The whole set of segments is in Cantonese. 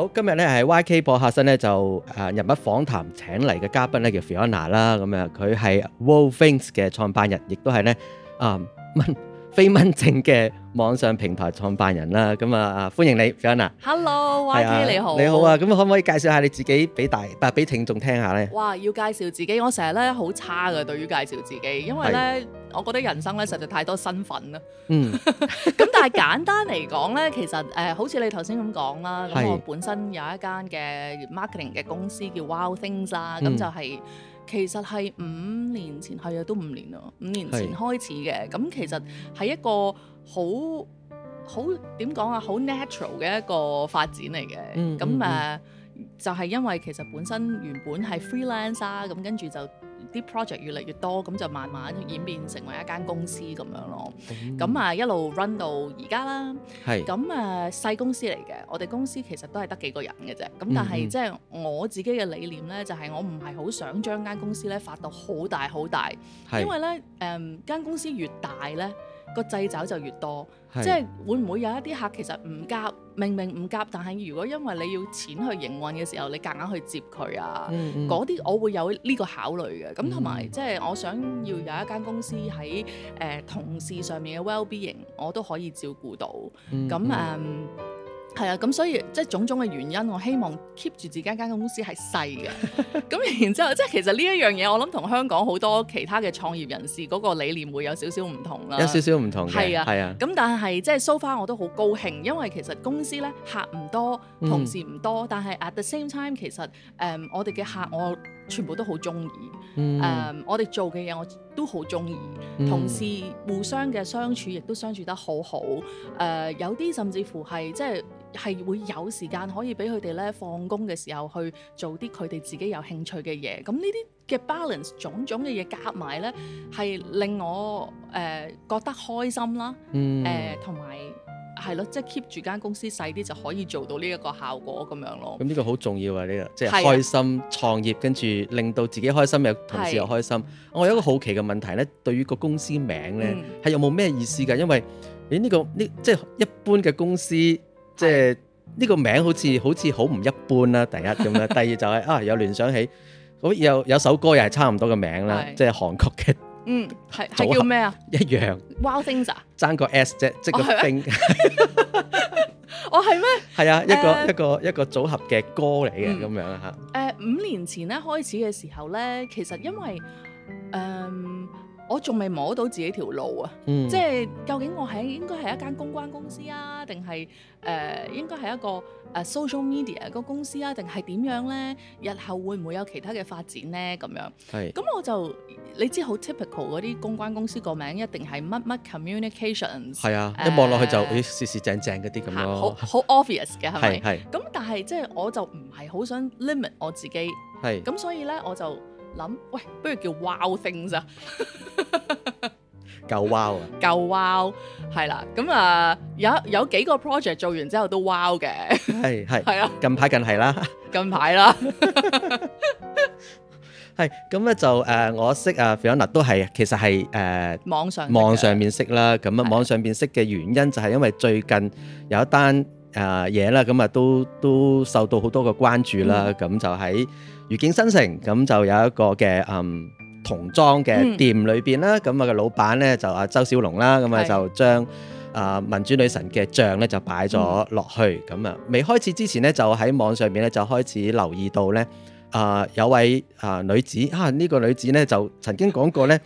好，今日咧係 YK 播客室咧就誒人物訪談，請嚟嘅嘉賓咧叫 Fiona 啦、啊，咁樣，佢係 Wallfins 嘅創辦人，亦都係咧啊問。嗯 飛蚊症嘅網上平台創辦人啦，咁啊啊歡迎你，Fiona。Hello，YK 你好。你好啊，咁可唔可以介紹下你自己俾大，啊俾聽眾聽下咧？哇，要介紹自己，我成日咧好差嘅對於介紹自己，因為咧我覺得人生咧實在太多身份啦。嗯。咁但係簡單嚟講咧，其實誒好似你頭先咁講啦，咁我本身有一間嘅 marketing 嘅公司叫 Wow Things 啦，咁就係。其實係五年前，係啊都五年啦，五年前開始嘅。咁是其實係一個好好，點講啊，好 natural 嘅一個發展嚟嘅。咁誒，就係、是、因為其實本身原本係 freelancer 啊、嗯，咁跟住就。啲 project 越嚟越多，咁就慢慢演變成為一間公司咁樣咯。咁啊、嗯、一路 run 到而家啦。咁是啊細公司嚟嘅，我哋公司其實都係得幾個人嘅啫。咁但係即係我自己嘅理念咧，就係、是、我唔係好想將間公司咧發到好大好大，是因為咧誒間公司越大咧。個掣肘就越多，是即係會唔會有一啲客其實唔夾，明明唔夾，但係如果因為你要錢去營運嘅時候，你夾硬去接佢啊。嗰啲、嗯嗯、我會有呢個考慮嘅。咁同埋即係我想要有一間公司喺誒、呃、同事上面嘅 well-being，我都可以照顧到。咁誒、嗯。嗯係啊，咁所以即係種種嘅原因，我希望 keep 住自己家間公司係細嘅。咁 然之後，即係其實呢一樣嘢，我諗同香港好多其他嘅創業人士嗰個理念會有少少唔同啦。有少少唔同嘅，係啊，係啊。咁但係即係 so far 我都好高興，因為其實公司咧客唔多，同事唔多，嗯、但係 at the same time 其實誒、呃、我哋嘅客我。全部都好中意，誒、嗯呃，我哋做嘅嘢我都好中意，同事互相嘅相處亦都相處得好好，誒、呃，有啲甚至乎係即係係會有時間可以俾佢哋咧放工嘅時候去做啲佢哋自己有興趣嘅嘢，咁呢啲嘅 balance，種種嘅嘢夾埋呢，係令我誒、呃、覺得開心啦，誒同埋。呃係咯，即係 keep 住間公司細啲就可以做到呢一個效果咁樣咯。咁呢個好重要啊！呢、呢個即係開心、啊、創業，跟住令到自己開心又同事又開心。是我有一個好奇嘅問題呢，是對於個公司名呢，係有冇咩意思㗎？嗯、因為誒、呢、呢個呢即係一般嘅公司，即係呢個名好似好似好唔一般啦。第一咁啦，第二就係、是、 啊有聯想起，好有有首歌又係差唔多嘅名啦，即係是韓國嘅。嗯，係係叫咩啊？一樣。Wow，things 爭個 S 啫，即個 thing。我係咩？係啊，一個一個一個組合嘅歌嚟嘅咁樣吓。誒五年前咧開始嘅時候咧，其實因為誒我仲未摸到自己條路啊，即係究竟我係應該係一間公關公司啊，定係誒應該係一個。誒、uh, social media 個公司啊，定係點樣咧？日後會唔會有其他嘅發展咧？咁樣，係是，咁我就你知好 typical 嗰啲公關公司個名一定係乜乜 communications 係啊，呃、一望落去就誒， 是是正正嗰啲咁樣咯，好好 obvious 嘅係咪？係，咁但係即係我就唔係好想 limit 我自己係，咁是所以咧我就諗喂，不如叫 Wow Things 啊！ 夠 wow 啊！夠 wow 係啦，咁啊有有幾個 project 做完之後都 wow 嘅，係係係啊，近排近係啦，近排啦，係咁咧就誒，我識啊，Fiona 都係，其實係誒網上網上面識啦，咁啊網上面識嘅原因就係因為最近有一單誒嘢啦，咁啊都都受到好多嘅關注啦，咁就喺愉景新城，咁就有一個嘅嗯。童裝嘅店裏邊啦，咁啊嘅老闆咧就阿周小龍啦，咁啊、嗯、就將啊民主女神嘅像咧就擺咗落去。咁啊未開始之前咧，就喺網上面咧就開始留意到咧，啊有位啊女子，啊呢個女子咧就曾經講過咧，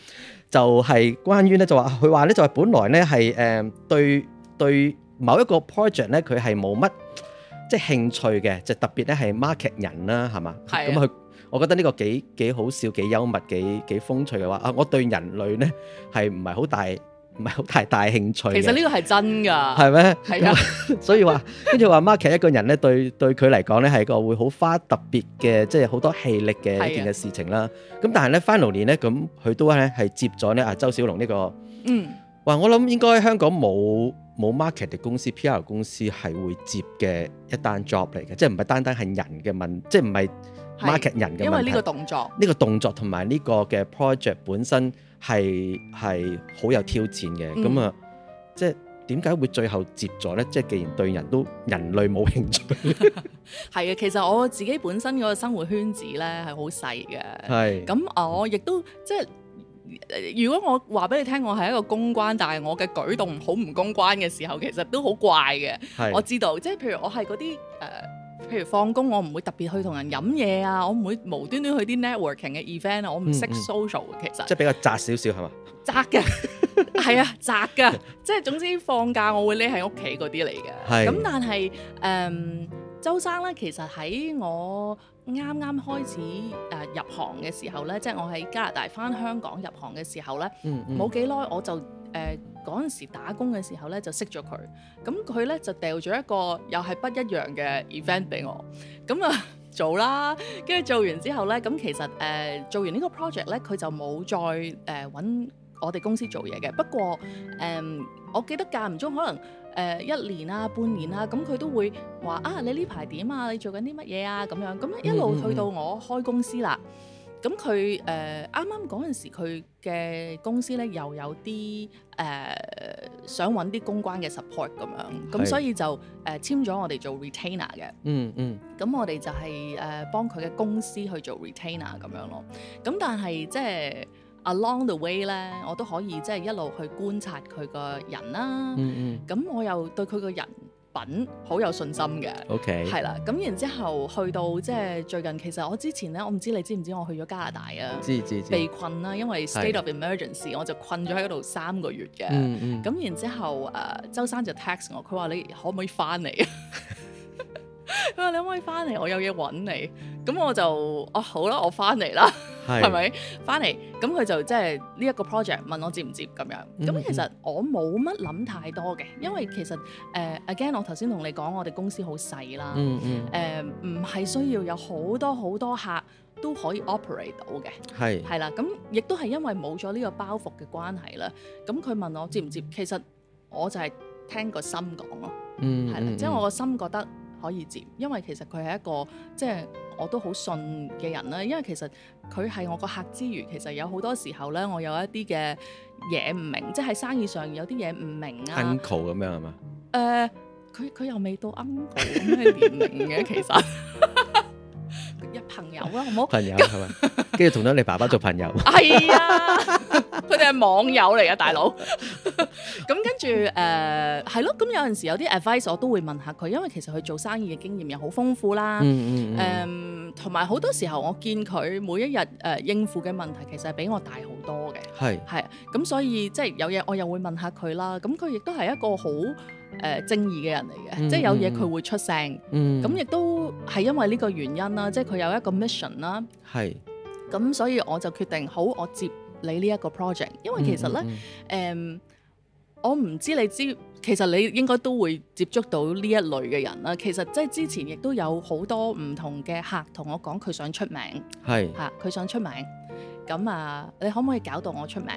就係關於咧就話佢話咧就係本來咧係誒對對某一個 project 咧佢係冇乜即係興趣嘅，就特別咧係 market 人啦，係嘛？咁佢、啊。我覺得呢個幾幾好笑，幾幽默，幾幾風趣嘅話啊！我對人類呢係唔係好大唔係好太大興趣。其實呢個係真噶，係咩？係啊，所以話跟住話，market 一個人咧，對對佢嚟講咧係一個會好花特別嘅，即係好多氣力嘅一件嘅事情啦。咁是、啊、但係咧 finally 咧，咁佢都咧係接咗呢阿周小龍呢、這個嗯，哇！我諗應該香港冇冇 market 公司、P.R. 公司係會接嘅一單 job 嚟嘅，即係唔係單單係人嘅問，即係唔係。market 人嘅因為呢個動作，呢個動作同埋呢個嘅 project 本身係係好有挑戰嘅，咁啊、嗯，即係點解會最後接咗咧？即係既然對人都人類冇興趣，係 啊， 其實我自己本身嗰個生活圈子咧係好細嘅，係咁是我亦都即係如果我話俾你聽，我係一個公關，但係我嘅舉動好唔公關嘅時候，其實都好怪嘅，是我知道。即係譬如我係嗰啲誒。呃譬如放工，我唔會特別去同人飲嘢啊，我唔會無端端去啲 networking 嘅 event 啊、嗯，我唔識 social 其實。即係比較宅少少係嘛？宅嘅，係窄的 啊，宅嘅， 即係總之放假我會匿喺屋企嗰啲嚟嘅。咁是但係誒、嗯，周生咧，其實喺我啱啱開始誒入行嘅時候咧，即、就、係、是、我喺加拿大返香港入行嘅時候咧，冇幾耐我就。誒嗰陣時打工嘅時候咧就識咗佢，咁佢咧就掉咗一個又係不一樣嘅 event 俾我，咁啊做啦，跟住做完之後咧，咁其實誒、呃、做完個呢個 project 咧，佢就冇再誒搵、呃、我哋公司做嘢嘅。不過誒、呃，我記得間唔中可能誒、呃、一年啊半年啊，咁佢都會話啊你呢排點啊，你做緊啲乜嘢啊咁樣，咁一路去到我開公司啦。咁佢誒啱啱嗰陣時，佢嘅公司咧又有啲誒、呃、想揾啲公關嘅 support 咁樣，咁的所以就誒、呃、簽咗我哋做 retainer 嘅、嗯，嗯嗯，咁我哋就係、是、誒、呃、幫佢嘅公司去做 retainer 咁樣咯。咁但係即係 along the way 咧，我都可以即係一路去觀察佢個人啦、啊嗯，嗯嗯，咁我又對佢個人品好有信心嘅，OK，係啦。咁然之後去到即係最近，其實我之前咧，我唔知你知唔知我去咗加拿大啊？知知被困啦，因為 state of emergency，的我就困咗喺嗰度三個月嘅。咁、嗯嗯、然之後，誒、呃，周生就 text 我，佢話你可唔可以翻嚟？ 佢話你可唔可以翻嚟？我有嘢搵你，咁我就哦，好啦，我翻嚟啦，係咪翻嚟？咁佢就即係呢一個 project 問我接唔接咁樣？咁其實我冇乜諗太多嘅，因為其實誒，again 我頭先同你講，我哋公司好細啦，誒、嗯嗯，唔係需要有好多好多客都可以 operate 到嘅，係係啦，咁亦都係因為冇咗呢個包袱嘅關係啦。咁佢問我接唔接，其實我就係聽個心講咯，係啦，即係我個心覺得。可以接，因為其實佢係一個即係我都好信嘅人啦。因為其實佢係我個客之餘，其實有好多時候咧，我有一啲嘅嘢唔明，即係生意上有啲嘢唔明啊。uncle 咁樣係咪？誒，佢佢又未到 uncle 咁嘅年齡嘅、啊， 其實。 一朋友啦，好唔好？朋友係嘛， 著跟住同咗你爸爸做朋友。係 啊、哎，佢哋係網友嚟嘅大佬。咁 跟住着，誒、嗯，係咯、嗯。咁有陣時有啲 advice 我都會問下佢，因為其實佢做生意嘅經驗又好豐富啦。嗯，同埋好多時候我見佢每一日誒，應付嘅問題，其實係比我大好多嘅。係係是。咁所以即係、就是、有嘢我又會問下佢啦。咁佢亦都係一個好。誒正義嘅人嚟嘅，嗯、即係有嘢佢會出聲。咁亦、嗯、都係因為呢個原因啦，嗯、即係佢有一個 mission 啦是。係。咁所以我就決定好，我接你呢一個 project，因為其實咧，誒、嗯嗯嗯，我唔知你知，其實你應該都會接觸到呢一類嘅人啦。其實即係之前亦都有好多唔同嘅客同我講，佢想出名，係嚇是，佢、啊、想出名。咁啊，你可唔可以搞到我出名？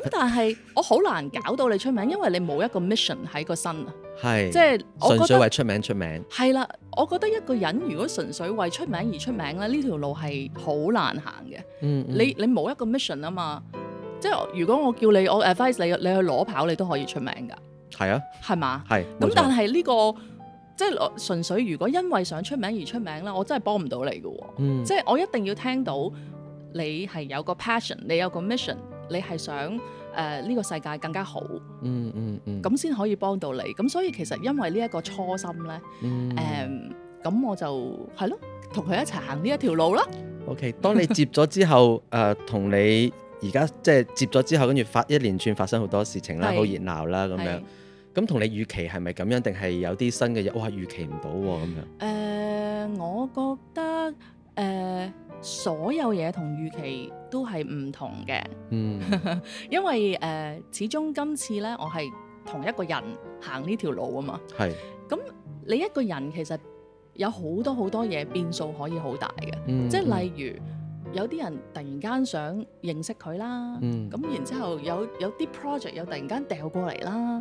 咁 但係我好難搞到你出名，因為你冇一個 mission 喺個身啊。係是，即係純粹為出名出名。係啦，我覺得一個人如果純粹為出名而出名咧，呢條路係好難行嘅。嗯嗯。你你冇一個 mission 啊嘛，即係如果我叫你我 advise 你你去攞跑，你都可以出名噶。係啊，係嘛吧？係。咁但係呢個即係純粹，如果因為想出名而出名咧，我真係幫唔到你嘅。嗯。即係我一定要聽到你係有個 passion，你有個 mission。你係想誒呢個世界更加好，嗯嗯嗯，咁先可以幫到你。咁所以其實因為呢一個初心呢，誒，咁我就係咯，同佢一齊行呢一條路啦。OK，當你接咗之後，誒，同你而家即係接咗之後，跟住發一連串發生好多事情啦，好熱鬧啦咁樣。咁同你預期係咪咁樣？定係有啲新嘅嘢？哇！預期唔到喎咁樣。誒，我覺得誒。所有嘢同預期都係唔同嘅，嗯， 因為誒、呃、始終今次咧，我係同一個人行呢條路啊嘛，係咁是你一個人其實有好多好多嘢變數可以好大嘅，嗯、即係例如。嗯嗯有啲人突然間想認識佢啦，咁、嗯、然之後有有啲 project 又突然間掉過嚟啦，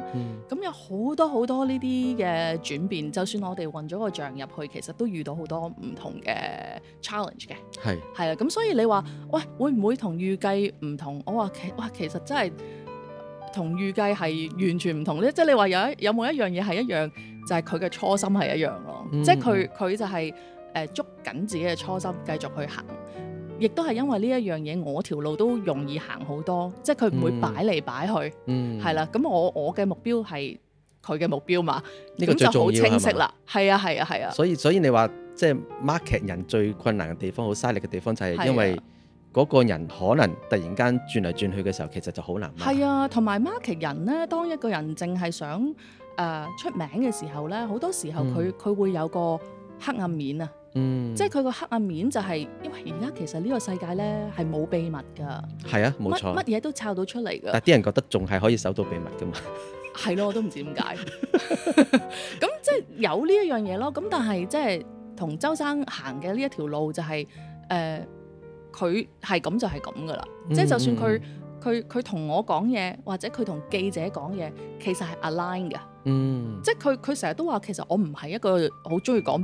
咁、嗯、有好多好多呢啲嘅轉變。就算我哋混咗個帳入去，其實都遇到好多唔同嘅 challenge 嘅，係係啊。咁所以你話喂會唔會同預計唔同？我話其哇，其實真係同預計係完全唔同咧。即係你話有有冇一樣嘢係一樣，就係佢嘅初心係一樣咯。嗯、即係佢佢就係誒捉緊自己嘅初心，繼續去行。亦都係因為呢一樣嘢，我條路都容易行好多，即係佢唔會擺嚟擺去，係啦、嗯。咁我我嘅目標係佢嘅目標嘛，咁就好清晰啦。係啊吧，係啊，係啊。所以所以你話即係 market 人最困難嘅地方，好嘥力嘅地方就係因為嗰的個人可能突然間轉嚟轉去嘅時候，其實就好難。係啊，同埋 market 人呢，當一個人淨係想誒、呃、出名嘅時候呢，好多時候佢佢、嗯、會有個黑暗面啊。嗯，即係佢個黑暗面就係、是，因為而家其實呢個世界咧係冇秘密噶，係啊，冇錯，乜嘢都抄到出嚟噶。但啲人覺得仲係可以守到秘密噶嘛？係 咯，我都唔知 點解。咁即係有呢一樣嘢咯。咁但係即係同周生行嘅呢一條路就係、是，誒、呃，佢係咁就係咁噶啦。即係、嗯、就算佢佢佢同我講嘢，或者佢同記者講嘢，其實係 aligned 嘅。嗯，即係佢佢成日都話，其實、嗯、其實我唔係一個好中意講。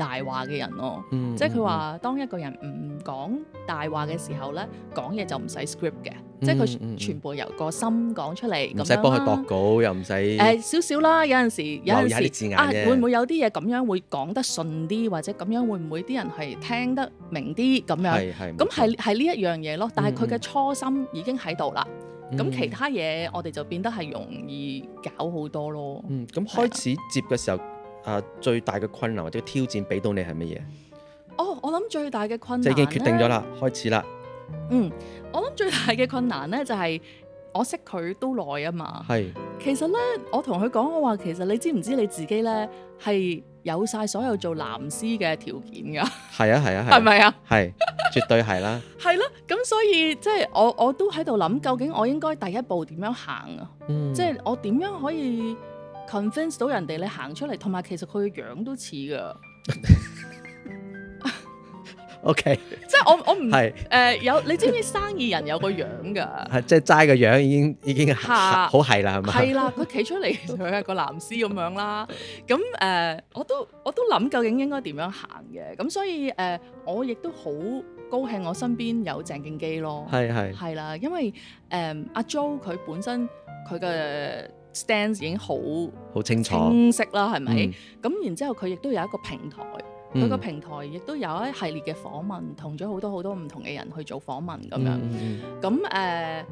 大話嘅人咯，嗯嗯，即係佢話當一個人唔講大話嘅時候咧，講嘢就唔使 script 嘅，嗯嗯嗯嗯，即係佢全部由個心講出嚟，唔使幫佢度稿又唔使、呃。誒少少啦，有陣時有陣時啊，會唔會有啲嘢咁樣會講得順啲，或者咁樣會唔會啲人係聽得明啲咁樣？係係。咁係係呢一樣嘢咯，但係佢嘅初心已經喺度啦。咁、嗯嗯、其他嘢我哋就變得係容易搞好多咯。嗯，咁、嗯、開始接嘅時候。啊！最大嘅困難或者挑戰俾到你係乜嘢？哦，我諗最大嘅困難，已經決定咗啦，呢開始啦。嗯，我諗最大嘅困難咧就係、是、我識佢都耐啊嘛。係是，其實咧我同佢講，我話其實你知唔知你自己咧係有晒所有做藍絲嘅條件噶？係啊係啊係，係咪啊？係、啊，絕對係啦。係咯、啊，咁所以即係我我都喺度諗，究竟我應該第一步點樣行啊？即係我點樣可以？ convince 到人哋你行出嚟，同埋其實佢嘅樣都似噶。OK，即係我我唔係誒有你知唔知生意人有個樣噶，係即係齋個樣已經已經嚇好係啦，係咪？係啦，佢企出嚟佢係個男士咁樣啦。咁誒，我都我都諗究竟應該點樣行嘅。咁所以誒，我亦都好高興我身邊有鄭敬基咯。係係係啦，因為誒阿 Joe 佢本身佢嘅。Stance 已經好好清晰啦，係咪？咁、嗯、然之後佢亦都有一個平台，佢個、嗯、平台亦都有一系列嘅訪問，很多很多同咗好多好多唔同嘅人去做訪問咁、嗯、樣。咁誒、嗯，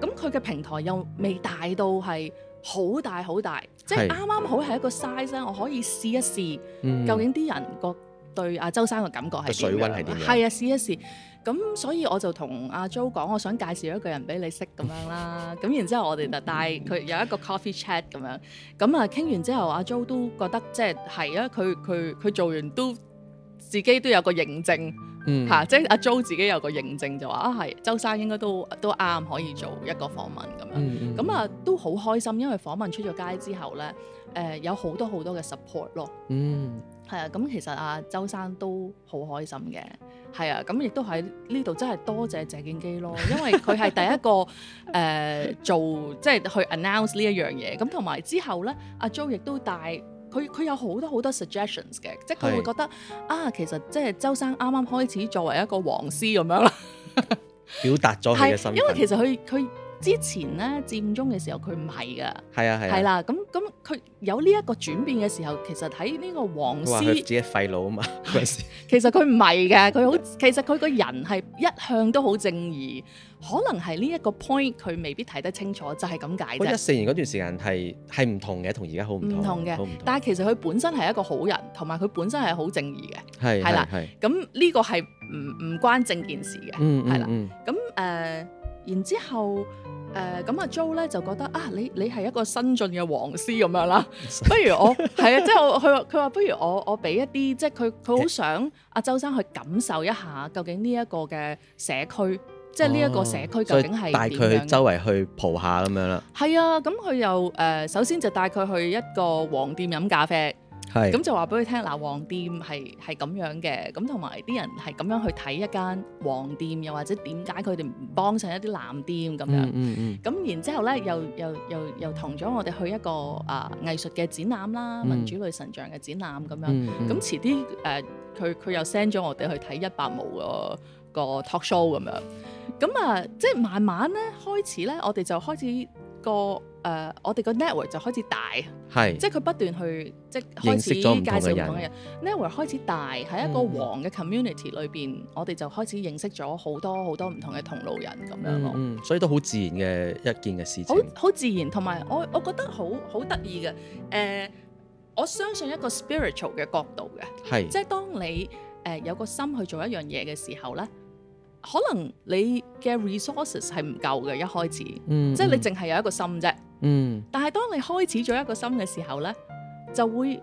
咁佢嘅平台又未大到係好大好大，是即係啱啱好係一個 size 咧，我可以試一試、嗯、究竟啲人個對阿周生嘅感覺係點樣，水溫係點樣？係啊，試一試。咁所以我就同阿 Jo 講，我想介紹一個人俾你識咁樣啦。咁 然之後我哋就帶佢有一個 coffee chat 咁樣、 啊。咁啊傾完之後，阿 Jo 都覺得即係係啊，佢佢佢做完都自己都有個認證，嗯嚇即係阿 Jo 自己有個認證就話啊，係周生應該都都啱可以做一個訪問咁樣。咁、嗯嗯、啊都好開心，因為訪問出咗街之後咧，誒、呃、有好多好多嘅 support 咯，嗯。係啊，咁、嗯、其實啊，周生都好開心嘅，係、嗯、啊，咁、嗯、亦都喺呢度真係多謝謝建基咯，因為佢係第一個誒、 呃、做即係去 announce 呢一樣嘢，咁同埋之後咧，阿、啊、j 周亦都帶佢佢有好多好多 suggestions 嘅，即係佢會覺得是啊，其實即係周生啱啱開始作為一個黃絲咁樣啦， 表達咗佢嘅心。因為其實佢佢。之前咧佔中嘅時候，佢唔係㗎，係啊係啦，咁咁佢有呢一個轉變嘅時候，其實喺呢個黃絲，哇，佢只係廢老啊嘛，其實佢唔係嘅，佢好，其實佢個人係一向都好正義，可能係呢一個 point 佢未必睇得清楚，就係咁解啫。一四年嗰段時間係係唔同嘅，同而家好唔同同嘅，但係其實佢本身係一個好人，同埋佢本身係好正義嘅，係係啦，咁呢個係唔唔關正件事嘅，嗯，係啦，咁誒。然之後，誒咁阿 Jo 咧就覺得啊，你你係一個新晉嘅黃師咁樣啦， 不如我係啊，即、就、係、是、我佢佢話不如我我俾一啲即係佢佢好想阿周生去感受一下究竟呢一個嘅社區，即係呢一個社區、哦、究竟係帶佢去周圍去蒲下咁樣啦。係啊，咁佢又誒、呃、首先就帶佢去一個黃店飲咖啡。咁 是就話俾佢聽，嗱黃店係係咁樣嘅，咁同埋啲人係咁樣去睇一間黃店，又或者點解佢哋唔幫襯一啲藍店咁樣。咁、嗯嗯嗯、然之後咧，又又又又同咗我哋去一個啊、呃、藝術嘅展覽啦，民主女神像嘅展覽咁樣。咁遲啲誒，佢、嗯、佢、呃、又 send 咗我哋去睇一百毛個個 talk show 咁樣。咁啊、呃，即係慢慢咧開始咧，我哋就開始。個誒、呃，我哋個 network 就開始大，是即係佢不斷去即係開始介紹唔同嘅人，network 開始大，喺一個黃嘅 community 裏邊，嗯、我哋就開始認識咗好多好多唔同嘅同路人咁樣咯、嗯。所以都好自然嘅一件嘅事情，好好自然，同埋我我覺得好好得意嘅誒，我相信一個 spiritual 嘅角度嘅，係是即係當你誒有個心去做一樣嘢嘅時候咧。可能你嘅 resources 係唔夠嘅。一開始，即係你淨係有一個心啫。但係當你開始咗一個心嘅時候咧，就會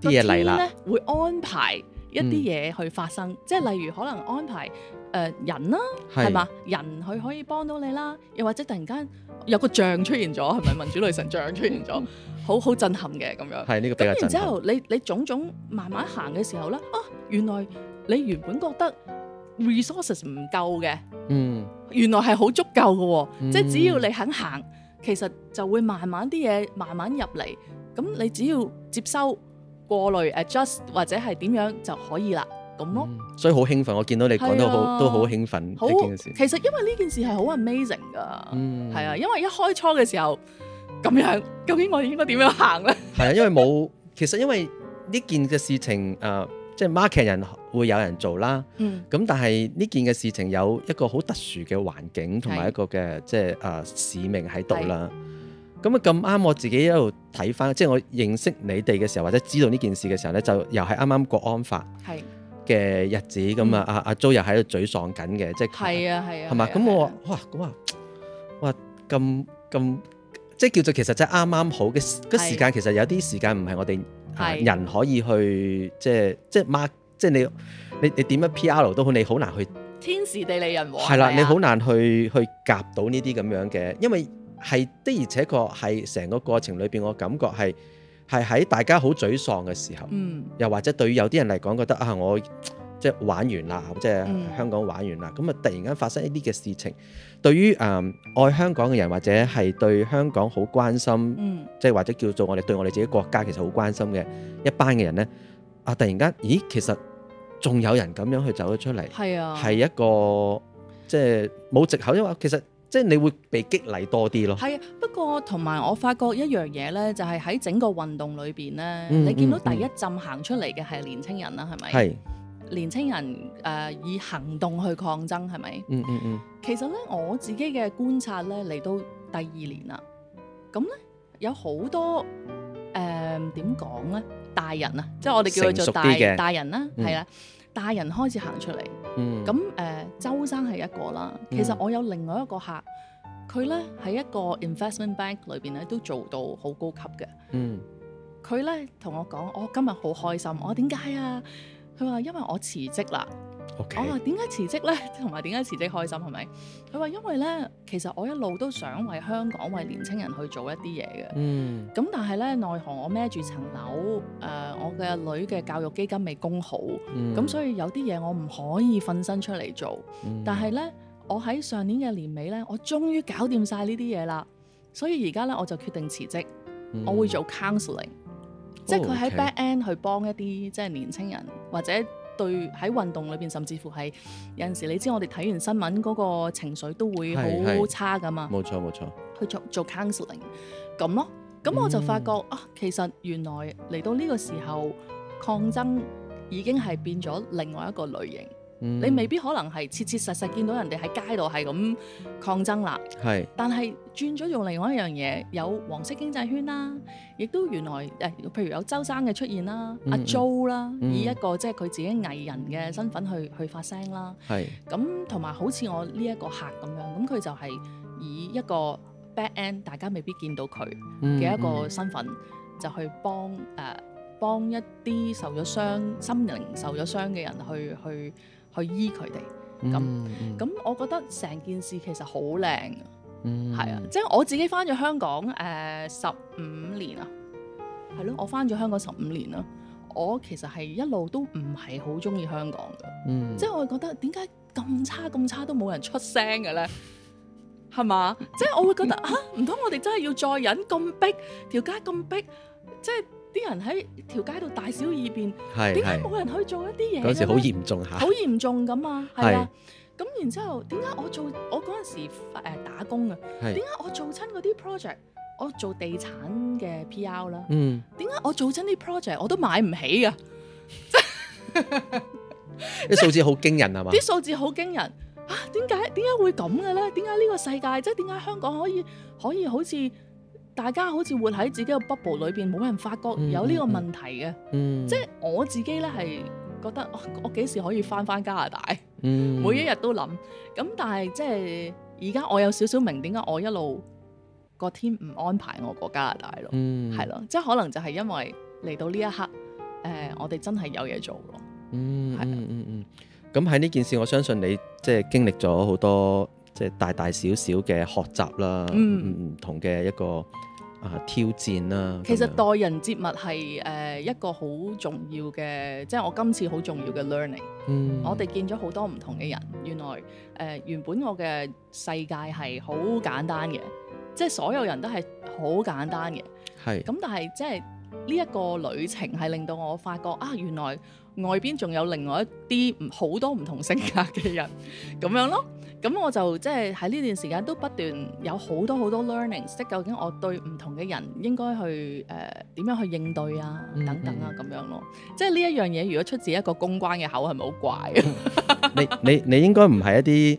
啲嘢嚟啦，會安排一啲嘢去發生，即係例如可能安排誒人啦，係嘛，人佢可以幫到你啦，又或者突然間有個像出現咗，係咪民主女神像出現咗，好好震撼嘅咁樣。係呢個然之後，你你種種慢慢行嘅時候咧，哦原來你原本覺得。resources 唔夠嘅，嗯，原來係好足夠嘅喎，即係只要你肯行，其實就會慢慢啲嘢慢慢入嚟，咁你只要接收過濾誒 adjust 或者係點樣就可以啦，咁咯。所以好興奮，我見到你講得好都好興奮呢件事。其實因為呢件事係好 amazing 噶，係啊，因為一開初嘅時候咁樣，究竟我哋應該點樣行咧？係啊，因為冇，其實因為呢件嘅事情誒，即係 marketing 人。會有人做啦，咁但係呢件嘅事情有一個好特殊嘅環境同埋一個嘅即係誒使命喺度、um、是 啦。咁啊咁啱，我自己一路睇翻，即係 oo. 我認識你哋嘅時候，或者知道呢件事嘅時候咧，就又係啱啱國安法係嘅日子。咁啊，阿阿 Jo 又喺度沮喪緊嘅，即係係啊係啊，係嘛？咁我話哇，咁啊哇咁咁，即係叫做其實真係啱啱好嘅個時間。其實有啲時間唔係我哋、嗯、人可以去即係即係 mark。即係你你你點樣 PR 都好，你好難去天時地利人和係啦，你好難去去夾到呢啲咁樣嘅，因為係的而且確係成個過程裏邊，我感覺係係喺大家好沮喪嘅時候，嗯、又或者對有啲人嚟講覺得啊，我即係玩完啦，即係香港玩完啦，咁啊、嗯、突然間發生一啲嘅事情，對於誒、呃、愛香港嘅人或者係對香港好關心，即係、嗯、或者叫做我哋對我哋自己國家其實好關心嘅一班嘅人咧。啊！突然間，咦？其實仲有人咁樣去走咗出嚟，係啊，係一個即係冇藉口，因為其實即係你會被激勵多啲咯。係啊，不過同埋我發覺一樣嘢咧，就係、是、喺整個運動裏邊咧，嗯嗯嗯你見到第一陣行出嚟嘅係年輕人啦，係咪？係、啊、年輕人誒、呃，以行動去抗爭，係咪？嗯嗯嗯。其實咧，我自己嘅觀察咧，嚟到第二年啦，咁咧有好多誒點講咧？呃 大人啊，即係我哋叫佢做大大人啦，係啦、嗯，大人開始行出嚟。咁誒、嗯呃，周生係一個啦。其實我有另外一個客，佢咧喺一個 investment bank 裏邊咧都做到好高級嘅。佢咧同我講：我、哦、今日好開心，我點解啊？佢話因為我辭職啦。Okay. 我話點解辭職咧，同埋點解辭職開心係咪？佢話因為咧，其實我一路都想為香港、為年青人去做一啲嘢嘅。嗯。咁但係咧，奈何我孭住層樓，誒、呃，我嘅女嘅教育基金未供好，咁、嗯、所以有啲嘢我唔可以瞓身出嚟做。嗯、但係咧，我喺上年嘅年尾咧，我終於搞掂晒呢啲嘢啦，所以而家咧我就決定辭職。嗯、我會做 counseling，okay. 即係佢喺 back end 去幫一啲即係年青人或者。對，喺運動裏邊，甚至乎係有陣時，你知我哋睇完新聞嗰個情緒都會好差噶嘛。冇錯冇錯，去做做 counseling 咁咯。咁我就發覺、嗯、啊，其實原來嚟到呢個時候抗爭已經係變咗另外一個類型。嗯、你未必可能係切切實實見到人哋喺街度係咁抗爭啦，係是。但係轉咗用另外一樣嘢，有黃色經濟圈啦、啊，亦都原來誒、呃，譬如有周生嘅出現啦、啊，嗯、阿 Joe 啦、啊，嗯、以一個即係佢自己藝人嘅身份去去發聲啦、啊。係是。咁同埋好似我呢一個客咁樣，咁佢就係以一個 back end，大家未必見到佢嘅一個身份，嗯嗯、就去幫誒、uh, 幫一啲受咗傷、心靈受咗傷嘅人去去。去去去去去去醫佢哋咁咁，我覺得成件事其實好靚嘅，係、嗯、啊，即、就、係、是、我自己返咗香港誒十五年啊，係咯，我返咗香港十五年啦，我其實係一路都唔係好中意香港嘅，即係我會覺得點解咁差咁差都冇人出聲嘅咧？係嘛？即係我會覺得嚇，唔通我哋真係要再忍咁逼條街咁逼，即係。啲人喺條街度大小二便，點解冇人去做一啲嘢咧？嗰時好嚴重嚇，好嚴重咁啊，係啊！咁然之後，點解我做我嗰陣時誒打工嘅？點解我做親嗰啲 project？我做地產嘅 PR 啦，點解我做親啲 project 我都買唔起嘅？即係啲數字好驚人係嘛？啲數字好驚人啊！點解點解會咁嘅咧？點解呢個世界即係點解香港可以可以好似？大家好似活喺自己嘅北部 b b 裏邊，冇人發覺有呢個問題嘅。嗯嗯、即係我自己咧，係覺得、哦、我幾時可以翻翻加拿大？嗯、每一日都諗。咁但係即係而家我有少少明點解我一路、那個天唔安排我過加拿大咯？係咯、嗯，即係可能就係因為嚟到呢一刻，誒、呃，我哋真係有嘢做咯、嗯的嗯。嗯，係嗯嗯。咁喺呢件事，我相信你即係經歷咗好多。即係大大小小嘅學習啦，嗯、唔同嘅一個啊挑戰啦。其實待人接物係誒一個好重要嘅，即係我今次好重要嘅 learning。嗯，我哋見咗好多唔同嘅人，原來誒原本我嘅世界係好簡單嘅，即係所有人都係好簡單嘅。係咁，但係即係。呢一個旅程係令到我發覺啊，原來外邊仲有另外一啲好多唔同性格嘅人咁樣咯。咁我就即係喺呢段時間都不斷有好多好多 learnings, 即究竟我對唔同嘅人應該去誒點樣去應對啊等等，啊咁樣咯。嗯、即係呢一樣嘢，如果出自一個公關嘅口，係咪好怪啊？ 你你你應該唔係一啲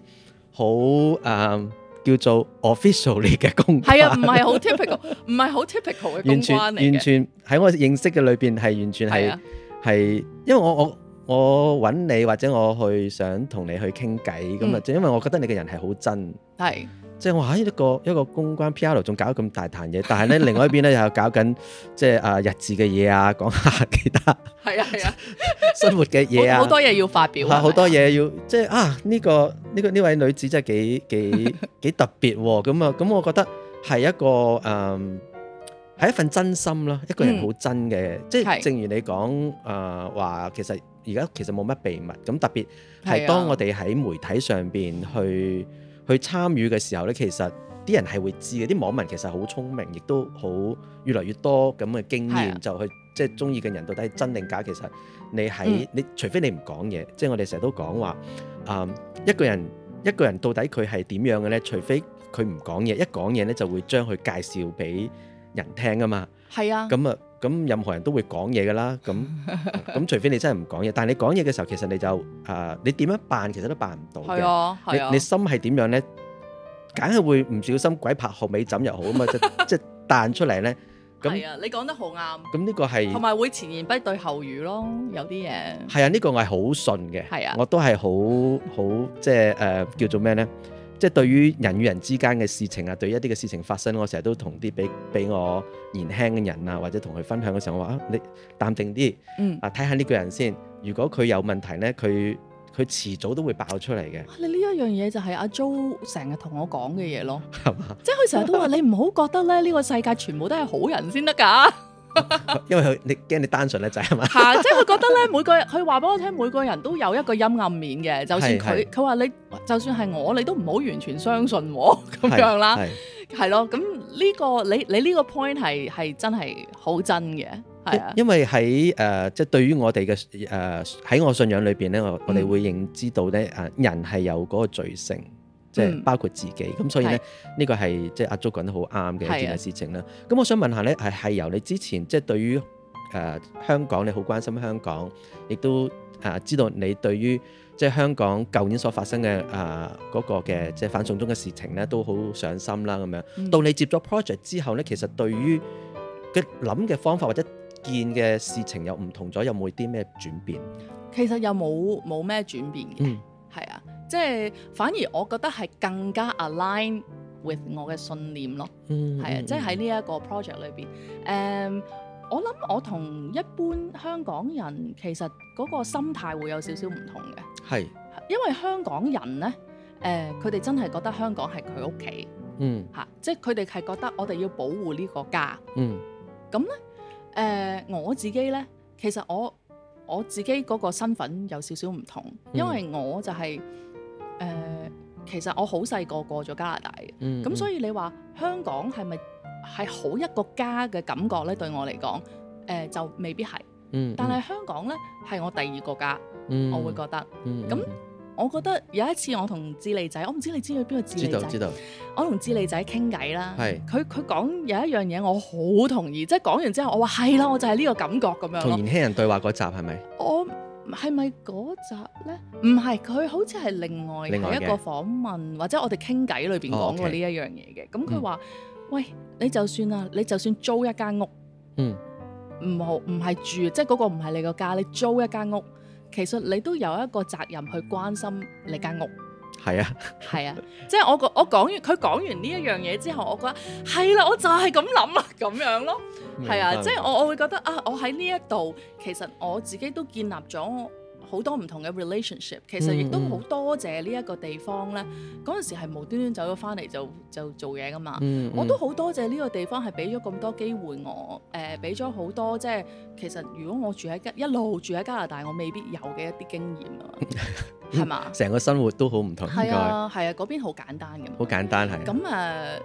好誒。Um, 叫做 officially 嘅公關，係啊，唔係好 typical，唔係好 typical 嘅公關嚟嘅。完全喺我認識嘅裏邊，係完全係係是、啊，因為我我我揾你或者我去想同你去傾偈咁啊，就、嗯、因為我覺得你嘅人係好真，係。即係我喺一個一個公關 PR 仲搞咁大壇嘢，但係咧另外一邊咧又搞緊即係啊日誌嘅嘢啊，講下其他係 啊，生活嘅嘢啊，好多嘢要發表啊，好多嘢要即係 啊呢、這個呢、這個呢位女子真係幾幾幾特別喎咁啊咁，我覺得係一個誒係、呃、一份真心啦、啊，一個人好真嘅，即係、嗯、正如你講啊話，其實而家其實冇乜秘密咁特別，係當我哋喺媒體上邊去。 去參與嘅時候呢，其實啲人係會知嘅。啲網民其實好聰明，亦都好越嚟越多咁嘅經驗，是啊、就去即係中意嘅人到底係真定假。其實你喺你、嗯、除非你唔講嘢，即係我哋成日都講話，誒、呃、一個人一個人到底佢係點樣嘅呢？除非佢唔講嘢，一講嘢呢就會將佢介紹俾人聽啊嘛。係是啊，咁啊。咁任何人都會講嘢㗎啦，咁咁除非你真係唔講嘢，但係你講嘢嘅時候，其實你就誒、呃、你點樣扮其實都扮唔到嘅。係啊，啊你，你心係點樣呢？梗係會唔小心鬼拍後尾枕又好啊嘛， 即即彈出嚟呢。係、啊、你講得好啱。咁呢個係同埋會前言不對後語咯，有啲嘢係啊。呢、這個我係好順嘅，係啊，我都係好好即係、呃、叫做咩呢？即係對於人與人之間嘅事情啊，對一啲嘅事情發生，我成日都同啲比比我年輕嘅人啊，或者同佢分享嘅時候，我話啊，你淡定啲，嗯啊，睇下呢個人先。如果佢有問題呢，佢佢遲早都會爆出嚟嘅。你呢一樣嘢就係阿 Jo 成日同我講嘅嘢咯，吧即係佢成日都話 你唔好覺得咧，呢、這個世界全部都係好人先得㗎。 因為佢你驚你單純咧就係嘛，吓 即係佢覺得咧每個人佢話俾我聽，每個人都有一個陰暗面嘅，就算佢佢話你，就算係我，你都唔好完全相信我咁樣啦，係咯是是，咁呢個你你呢個 point 係係真係好真嘅，係啊，因為喺誒即係對於我哋嘅誒喺我信仰裏邊咧，我我哋會認知到咧誒、嗯、人係有嗰個罪性。即係包括自己，咁所以咧，呢是個係即係阿祖講得好啱嘅一件事情啦。咁我想問下咧，係係由你之前即係對於誒、呃、香港，你好關心香港，亦都誒、呃、知道你對於即係香港舊年所發生嘅誒嗰個嘅即係反送中嘅事情咧，嗯、都好上心啦咁樣。到你接咗 project 之後咧，其實對於佢諗嘅方法或者見嘅事情又唔同咗，有冇啲咩轉變？其實有冇冇咩轉變嘅。嗯即係反而，我覺得係更加 align with 我嘅信念咯。嗯，係啊，即係喺呢一個 project 裏邊，誒、呃，我諗我同一般香港人其實嗰個心態會有少少唔同嘅。係是，因為香港人咧，誒、呃，佢哋真係覺得香港係佢屋企。嗯，嚇、啊，即係佢哋係覺得我哋要保護呢個家。嗯，咁咧，誒、呃，我自己咧，其實我我自己嗰個身份有少少唔同，因為我就係、是。嗯誒、呃，其實我好細個過咗加拿大嘅，咁、嗯、所以你話香港係咪係好一個家嘅感覺咧？對我嚟講，誒、呃、就未必係，嗯、但係香港咧係我第二個家，嗯、我會覺得。咁、嗯、我覺得有一次我同智利仔，我唔知你知唔知邊個智利仔？知道知道。我同智利仔傾偈啦，佢佢講有一樣嘢，我好同意，即係講完之後我話係啦，我就係呢個感覺咁樣同年輕人對話嗰集係咪？我。係咪嗰集咧？唔係，佢好似係另外嘅一個訪問，或者我哋傾偈裏邊講過呢一樣嘢嘅。咁佢話，喂，你就算啊，你就算租一間屋，嗯，唔好唔係住，即係嗰個唔係你個家，你租一間屋，其實你都有一個責任去關心你間屋。係是啊，係 啊，即係我講我講完佢講完呢一樣嘢之後，我覺得係啦、啊，我就係咁諗啦，咁樣咯，係啊，白即係我我會覺得啊，我喺呢一度，其實我自己都建立咗，好多唔同嘅 relationship，其實亦都好多謝呢一個地方咧。嗰陣、嗯、時係無端端走咗返嚟就就做嘢㗎嘛。嗯、我都好多謝呢個地方係俾咗咁多機會我，誒俾咗好多即係其實如果我住喺一一路住喺加拿大，我未必有嘅一啲經驗啊，係嘛 吧？成 個生活都好唔同。係啊係啊，嗰、啊啊、邊好簡單嘅。好簡單係。咁誒、啊。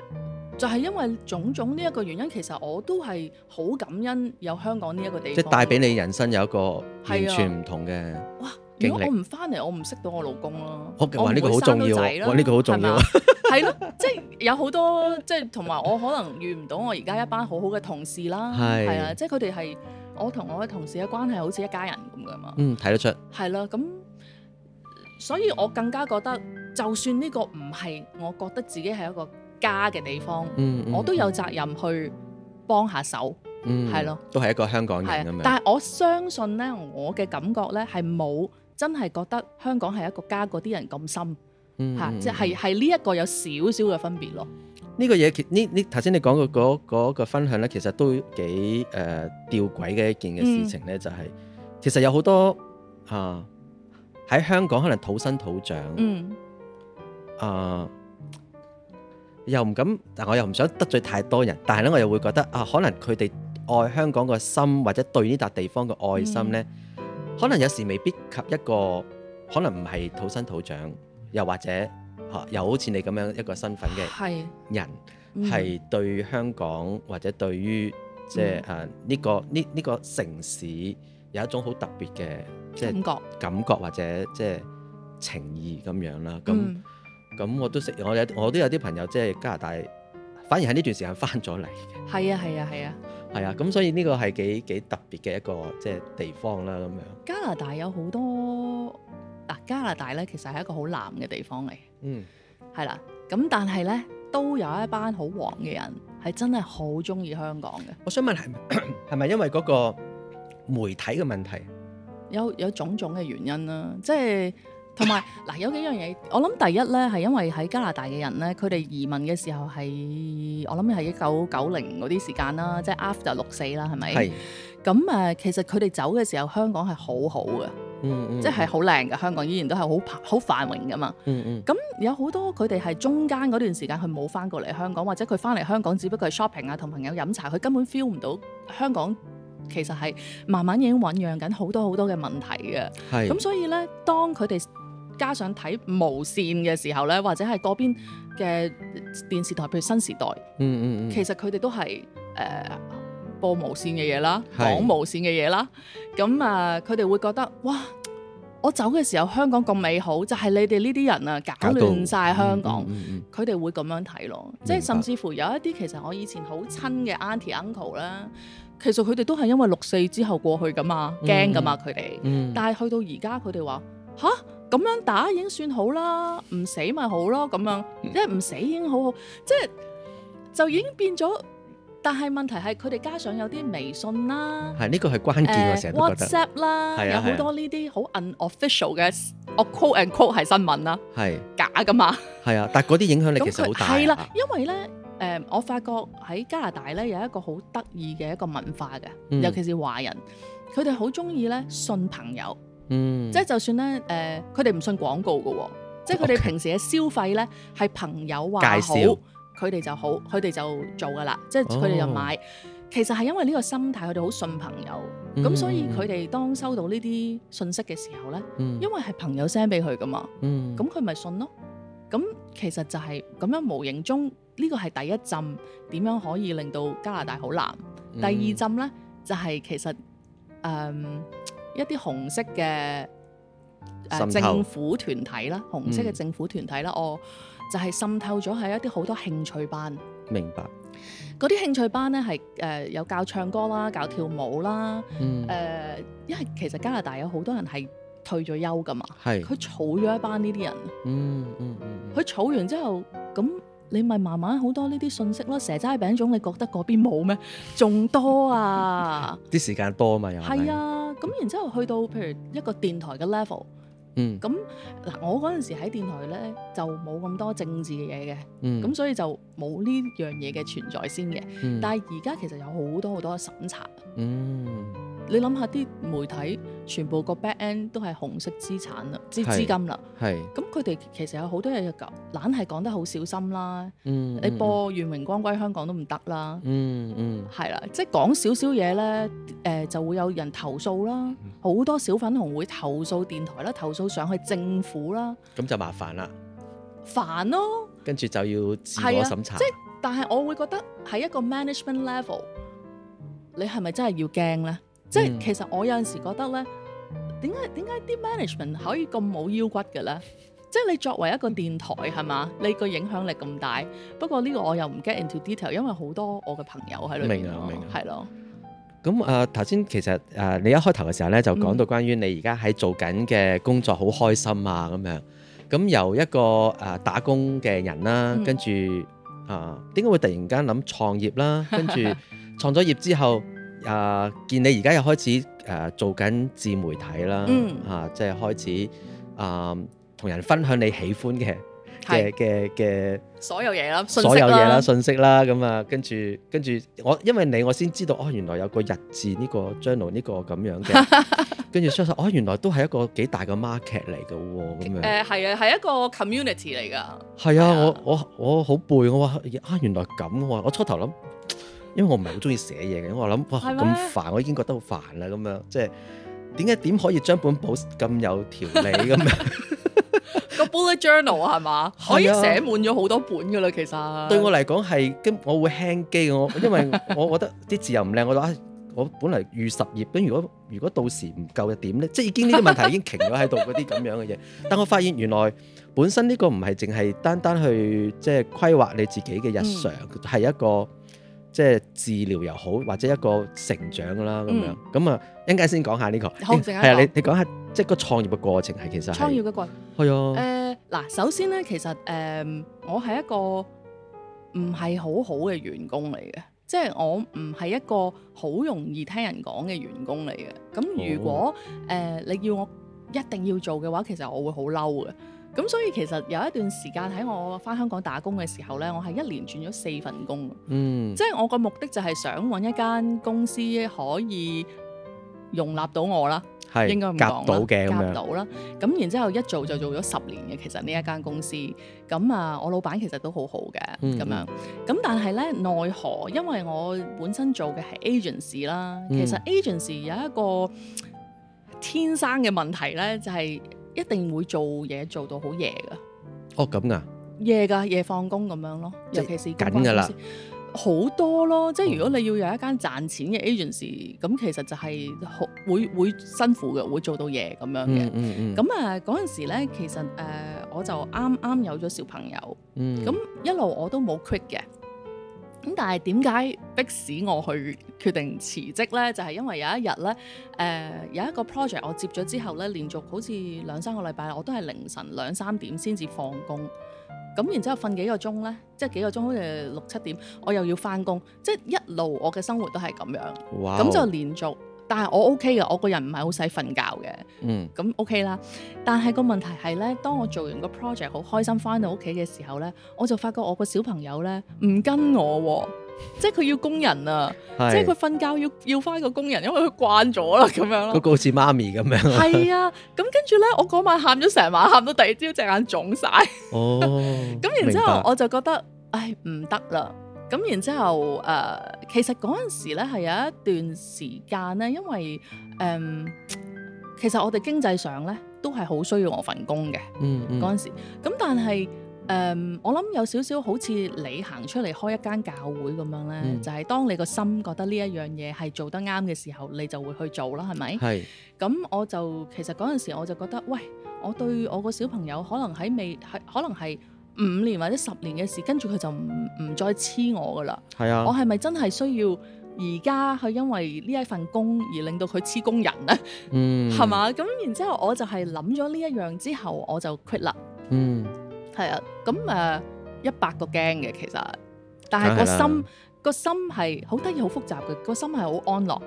就係因為種種呢一個原因，其實我都係好感恩有香港呢一個地方，即係帶俾你人生有一個完全唔同嘅，啊、哇！如果我唔翻嚟我唔識到我老公啦我。哇，呢個好重要，哇吧，呢個好重要。係咯，即係有好多，即係同埋我可能遇唔到我而家一班好好嘅同事啦。係 啊，即係佢哋係我同我嘅同事嘅關係，好似一家人咁噶嘛。嗯，睇得出。係啦，啊，咁所以我更加覺得，就算呢個唔係，我覺得自己係一個。家嘅地方，我都有責任去幫下手，係咯，都係一個香港人啊嘛。但係我相信咧，我嘅感覺咧係冇真係覺得香港係一個家嗰啲人咁深，吓，即係係呢一個有少少嘅分別咯。呢個嘢，其呢呢頭先你講嘅嗰嗰個分享咧，其實都幾誒吊詭嘅一件嘅事情咧，就係其實有好多啊喺香港可能土生土長，嗯啊。又唔敢，但我又唔想得罪太多人。但係咧，我又會覺得啊，可能佢哋愛香港個心，或者對呢笪地方個愛心呢，嗯、可能有時未必及一個可能唔係土生土長，又或者嚇、啊、又好似你咁樣一個身份嘅人，係、嗯、對香港或者對於即係呢個呢呢、這個城市有一種好特別嘅即感覺，感覺或者即、呃呃、情義咁樣啦。咁、呃嗯嗯咁我都識，我有我都有啲朋友即係加拿大，反而喺呢段時間返咗嚟。係啊係啊係啊，係啊，咁所以呢個係幾幾特別嘅一個即係地方啦咁樣。加拿大有好多嗱，加拿大咧其實係一個好藍嘅地方嚟，嗯，係啦，咁但係咧都有一班好黃嘅人係真係好中意香港嘅。我想問係係咪因為嗰個媒體嘅問題？有有種種嘅原因啦，即係。同埋嗱，有幾樣嘢，我諗第一咧，係因為喺加拿大嘅人咧，佢哋移民嘅時候係，我諗係一九九零嗰啲時間啦，即係 after 六四啦，係咪？咁啊係、嗯，其實佢哋走嘅時候，香港係好好嘅，嗯嗯、即係好靚嘅香港，依然都係好好繁榮嘅嘛，咁、嗯嗯、有好多佢哋係中間嗰段時間佢冇翻過嚟香港，或者佢翻嚟香港只不過係 shopping 啊，同朋友飲茶，佢根本 feel 唔到香港其實係慢慢已經醖釀緊好多好多嘅問題嘅，咁所以咧，當佢哋加上睇無線嘅時候咧，或者係嗰邊嘅電視台，譬如新時代，嗯，嗯嗯，其實佢哋都係誒、呃、播無線嘅嘢啦，講無線嘅嘢啦。咁啊是，佢哋會覺得哇，我走嘅時候香港咁美好，就係、是、你哋呢啲人啊搞亂晒香港。佢哋、嗯嗯嗯、會咁樣睇咯，嗯嗯嗯即係甚至乎有一啲其實我以前好親嘅 auntie uncle 啦，cle, 其實佢哋都係因為六四之後過去噶嘛，驚噶嘛佢哋，嗯嗯嗯但係去到而家佢哋話吓！」咁樣打已經算好啦，唔死咪好咯，咁樣即係唔死已經好好，即係就已經變咗。但係問題係佢哋加上有啲微信啦，係呢個係關鍵。呃、我成日都覺得 WhatsApp 啦、啊，啊、有好多呢啲好 unofficial 嘅，我 quote unquote 係新聞啦，係、啊、假噶嘛。係啊，但係嗰啲影響力其實好大。係啦、啊，因為咧，誒、呃，我發覺喺加拿大咧有一個好得意嘅一個文化嘅，嗯、尤其是華人，佢哋好中意咧信朋友。嗯、即係就算咧，誒、呃，佢哋唔信廣告噶、哦，即係佢哋平時嘅消費咧，係朋友話好，佢哋介紹就好，佢哋就做噶啦，即係佢哋就買。Oh. 其實係因為呢個心態，佢哋好信朋友，咁、嗯、所以佢哋當收到呢啲信息嘅時候咧，嗯、因為係朋友 send 俾佢噶嘛，咁佢咪信咯。咁其實就係咁樣無形中呢個係第一浸點樣可以令到加拿大好難。第二浸咧就係、是、其實，誒、嗯。一啲紅色嘅誒、呃、透政府團體啦，紅色嘅政府團體啦，嗯、哦，就係、是、滲透咗喺一啲好多興趣班。明白。嗰啲興趣班咧係誒有教唱歌啦，教跳舞啦，誒、呃，嗯、因為其實加拿大有好多人係退咗休噶嘛，係佢儲咗一班呢啲人，嗯嗯嗯，佢、嗯、儲、嗯、完之後咁。你咪慢慢好多呢啲信息咯，蛇齋餅種你覺得嗰邊冇咩？仲多啊！啲 時間多啊嘛，又係 啊！咁然之後去到譬如一個電台嘅 level，嗯，咁嗱，我嗰陣時喺電台咧就冇咁多政治嘅嘢嘅，嗯，咁所以就冇呢樣嘢嘅存在先嘅。嗯、但係而家其實有好多好多嘅審查，嗯。你諗下，啲媒體全部個 back end 都係紅色資產啦，資資是金啦，係咁佢哋其實有好多嘢要講，懶係講得好小心啦。嗯，嗯你播完榮光歸香港都唔得啦。嗯嗯，係、嗯、啦，即係講少少嘢咧，誒、呃、就會有人投訴啦。好、嗯、多小粉紅會投訴電台啦，投訴上去政府啦，咁就麻煩啦，煩咯。跟住就要自我審查。啊、即但係我會覺得喺一個 management level，你係咪真係要驚咧？即係其實我有陣時覺得咧，點解點解啲 management 可以咁冇腰骨嘅咧？即係你作為一個電台係嘛，你個影響力咁大。不過呢個我又唔 get into detail，因為好多我嘅朋友喺度。明啊，明啊了，係咯。咁誒頭先其實誒、呃、你一開頭嘅時候咧，就講到關於你而家喺做緊嘅工作好開心啊咁樣。咁、嗯、由一個誒、呃、打工嘅人啦，跟住啊點解會突然間諗創業啦？跟住創咗業之後。 啊！見你而家又開始誒做緊自媒體啦，嚇即係開始啊，同人分享你喜歡嘅嘅嘅嘅所有嘢啦，所有嘢啦，信息啦，咁啊，跟住跟住我，因為你我先知道哦，原來有個日誌呢個 journal 呢個咁樣嘅，跟住相信，哦，原來都係一個幾大嘅 market 嚟嘅喎，咁樣誒係啊，係一個 community 嚟㗎，係啊，我我我好背，我話啊，原來咁我初頭諗。因為我唔係好中意寫嘢嘅，我話諗哇咁煩，我已經覺得好煩啦咁樣，即係點解點可以將本簿咁有條理咁樣個 bullet journal 係嘛？ 可以寫滿咗好多本噶啦，其實對我嚟講係我會輕機我，因為我覺得啲字又唔靚，我話啊，我本嚟預十頁，咁如果如果到時唔夠又點咧？即係已經呢啲問題已經停咗喺度嗰啲咁樣嘅嘢。 但我發現原來本身呢個唔係淨係單單去即係規劃你自己嘅日常，係一個。即係治療又好，或者一個成長啦咁、嗯、樣。咁啊，一陣間先講下呢、呢個。好，啊、欸，你你講下，即係個創業嘅過程係其、啊呃、其實。創業嘅過。係啊。誒嗱，首先咧，其實誒，我係一個唔係好好嘅員工嚟嘅，即、就、係、是、我唔係一個好容易聽人講嘅員工嚟嘅。咁如果誒、哦呃、你要我一定要做嘅話，其實我會好嬲嘅。咁所以其實有一段時間喺我返香港打工嘅時候咧，我係一年轉咗四份工。嗯，即係我個目的就係想揾一間公司可以容納到我啦，係是應該夾到嘅，夾到啦。咁樣然之後一做就做咗十年嘅，其實呢一間公司，咁啊我老闆其實都好好嘅，咁、嗯、樣。咁但係咧，奈何因為我本身做嘅係 agency 啦，其實 agency 有一個天生嘅問題咧，就係、是。一定會做嘢做到好、哦、夜噶，哦咁噶，夜噶夜放工咁樣咯，即尤其是緊噶啦，好多咯，即係如果你要有一間賺錢嘅 agency，咁、嗯、其實就係會會辛苦嘅，會做到夜咁樣嘅。咁啊、嗯，嗰、嗯、陣、嗯、時咧，其實誒、呃、我就啱啱有咗小朋友，咁、嗯、一路我都冇 quit 嘅。咁但係點解迫使我去決定辭職呢？就係、是、因為有一日呢，誒、呃、有一個 project 我接咗之後呢，連續好似兩三個禮拜，我都係凌晨兩三點先至放工。咁然之後瞓幾個鐘呢，即係幾個鐘好似六七點，我又要返工。即係一路我嘅生活都係咁樣，咁 Wow. 就連續。但係我 OK 嘅，我個人唔係好使瞓覺嘅，嗯，咁 OK 啦。但係個問題係咧，當我做完個 project 好開心翻到屋企嘅時候咧，我就發覺我個小朋友咧唔跟我，即係佢要工人啊，即係佢瞓覺要要翻個工人，因為佢慣咗啦咁樣。嗰個好似媽咪咁樣。係啊，咁跟住咧，我嗰晚喊咗成晚，喊到第二朝隻眼腫晒。哦。咁然之後我就覺得，唉，唔得啦。咁然之後，誒、呃、其實嗰陣時咧係有一段時間咧，因為誒、呃、其實我哋經濟上咧都係好需要我份工嘅、嗯。嗯，嗰陣時，咁但係誒、呃、我諗有少少好似你行出嚟開一間教會咁樣咧，嗯、就係當你個心覺得呢一樣嘢係做得啱嘅時候，你就會去做啦，係咪？係是。咁我就其實嗰陣時我就覺得，喂，我對我個小朋友可能喺未，喺可能係，五年或者十年嘅事，跟住佢就唔唔再黐我噶啦。係啊，我係咪真係需要而家去因為呢一份工而令到佢黐工人咧？嗯，係嘛 咁然之後我就係諗咗呢一樣之後，我就 quit 啦。嗯，係啊。咁誒，一、呃、百個驚嘅其實，但係個心、啊、個心係好得意好複雜嘅，個心係好安樂。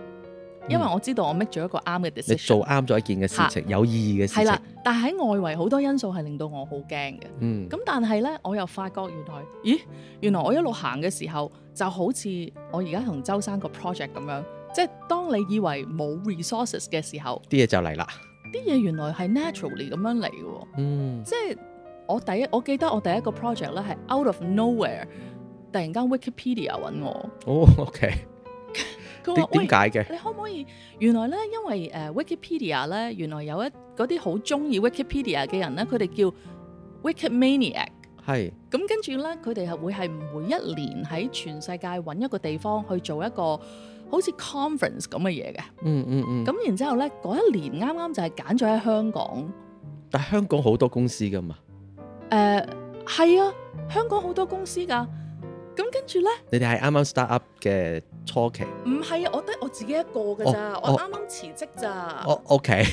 因為我知道我 make 咗一個啱嘅 decision，你做啱咗一件嘅事情，啊、有意義嘅事情。係啦，但喺外圍好多因素係令到我好驚嘅。嗯，咁但係咧，我又發覺原來，咦，原來我一路行嘅時候，就好似我而家同周生個 project 咁樣，即係當你以為冇 resources 嘅時候，啲嘢就嚟啦。啲嘢原來係 naturally 咁樣嚟嘅。嗯，即係我第一，我記得我第一個 project 咧係 out of nowhere，突然間 Wikipedia 揾我。哦、oh,，OK。點解嘅？你可唔可以？原來咧，因為誒、呃、Wikipedia 咧，原來有一嗰啲好中意 Wikipedia 嘅人咧，佢哋叫 Wikipedia Maniac。係。咁跟住咧，佢哋係會係每一年喺全世界揾一個地方去做一個好似 conference 咁嘅嘢嘅，嗯。嗯嗯嗯。咁然之後咧，嗰一年啱啱就係揀咗喺香港。但係香港好多公司噶嘛。誒、呃，係啊，香港好多公司噶。咁跟住咧，你哋係啱啱 start up 嘅初期？唔係，我得我自己一個噶咋，哦、我啱啱辭職咋。哦哦、o、okay. K，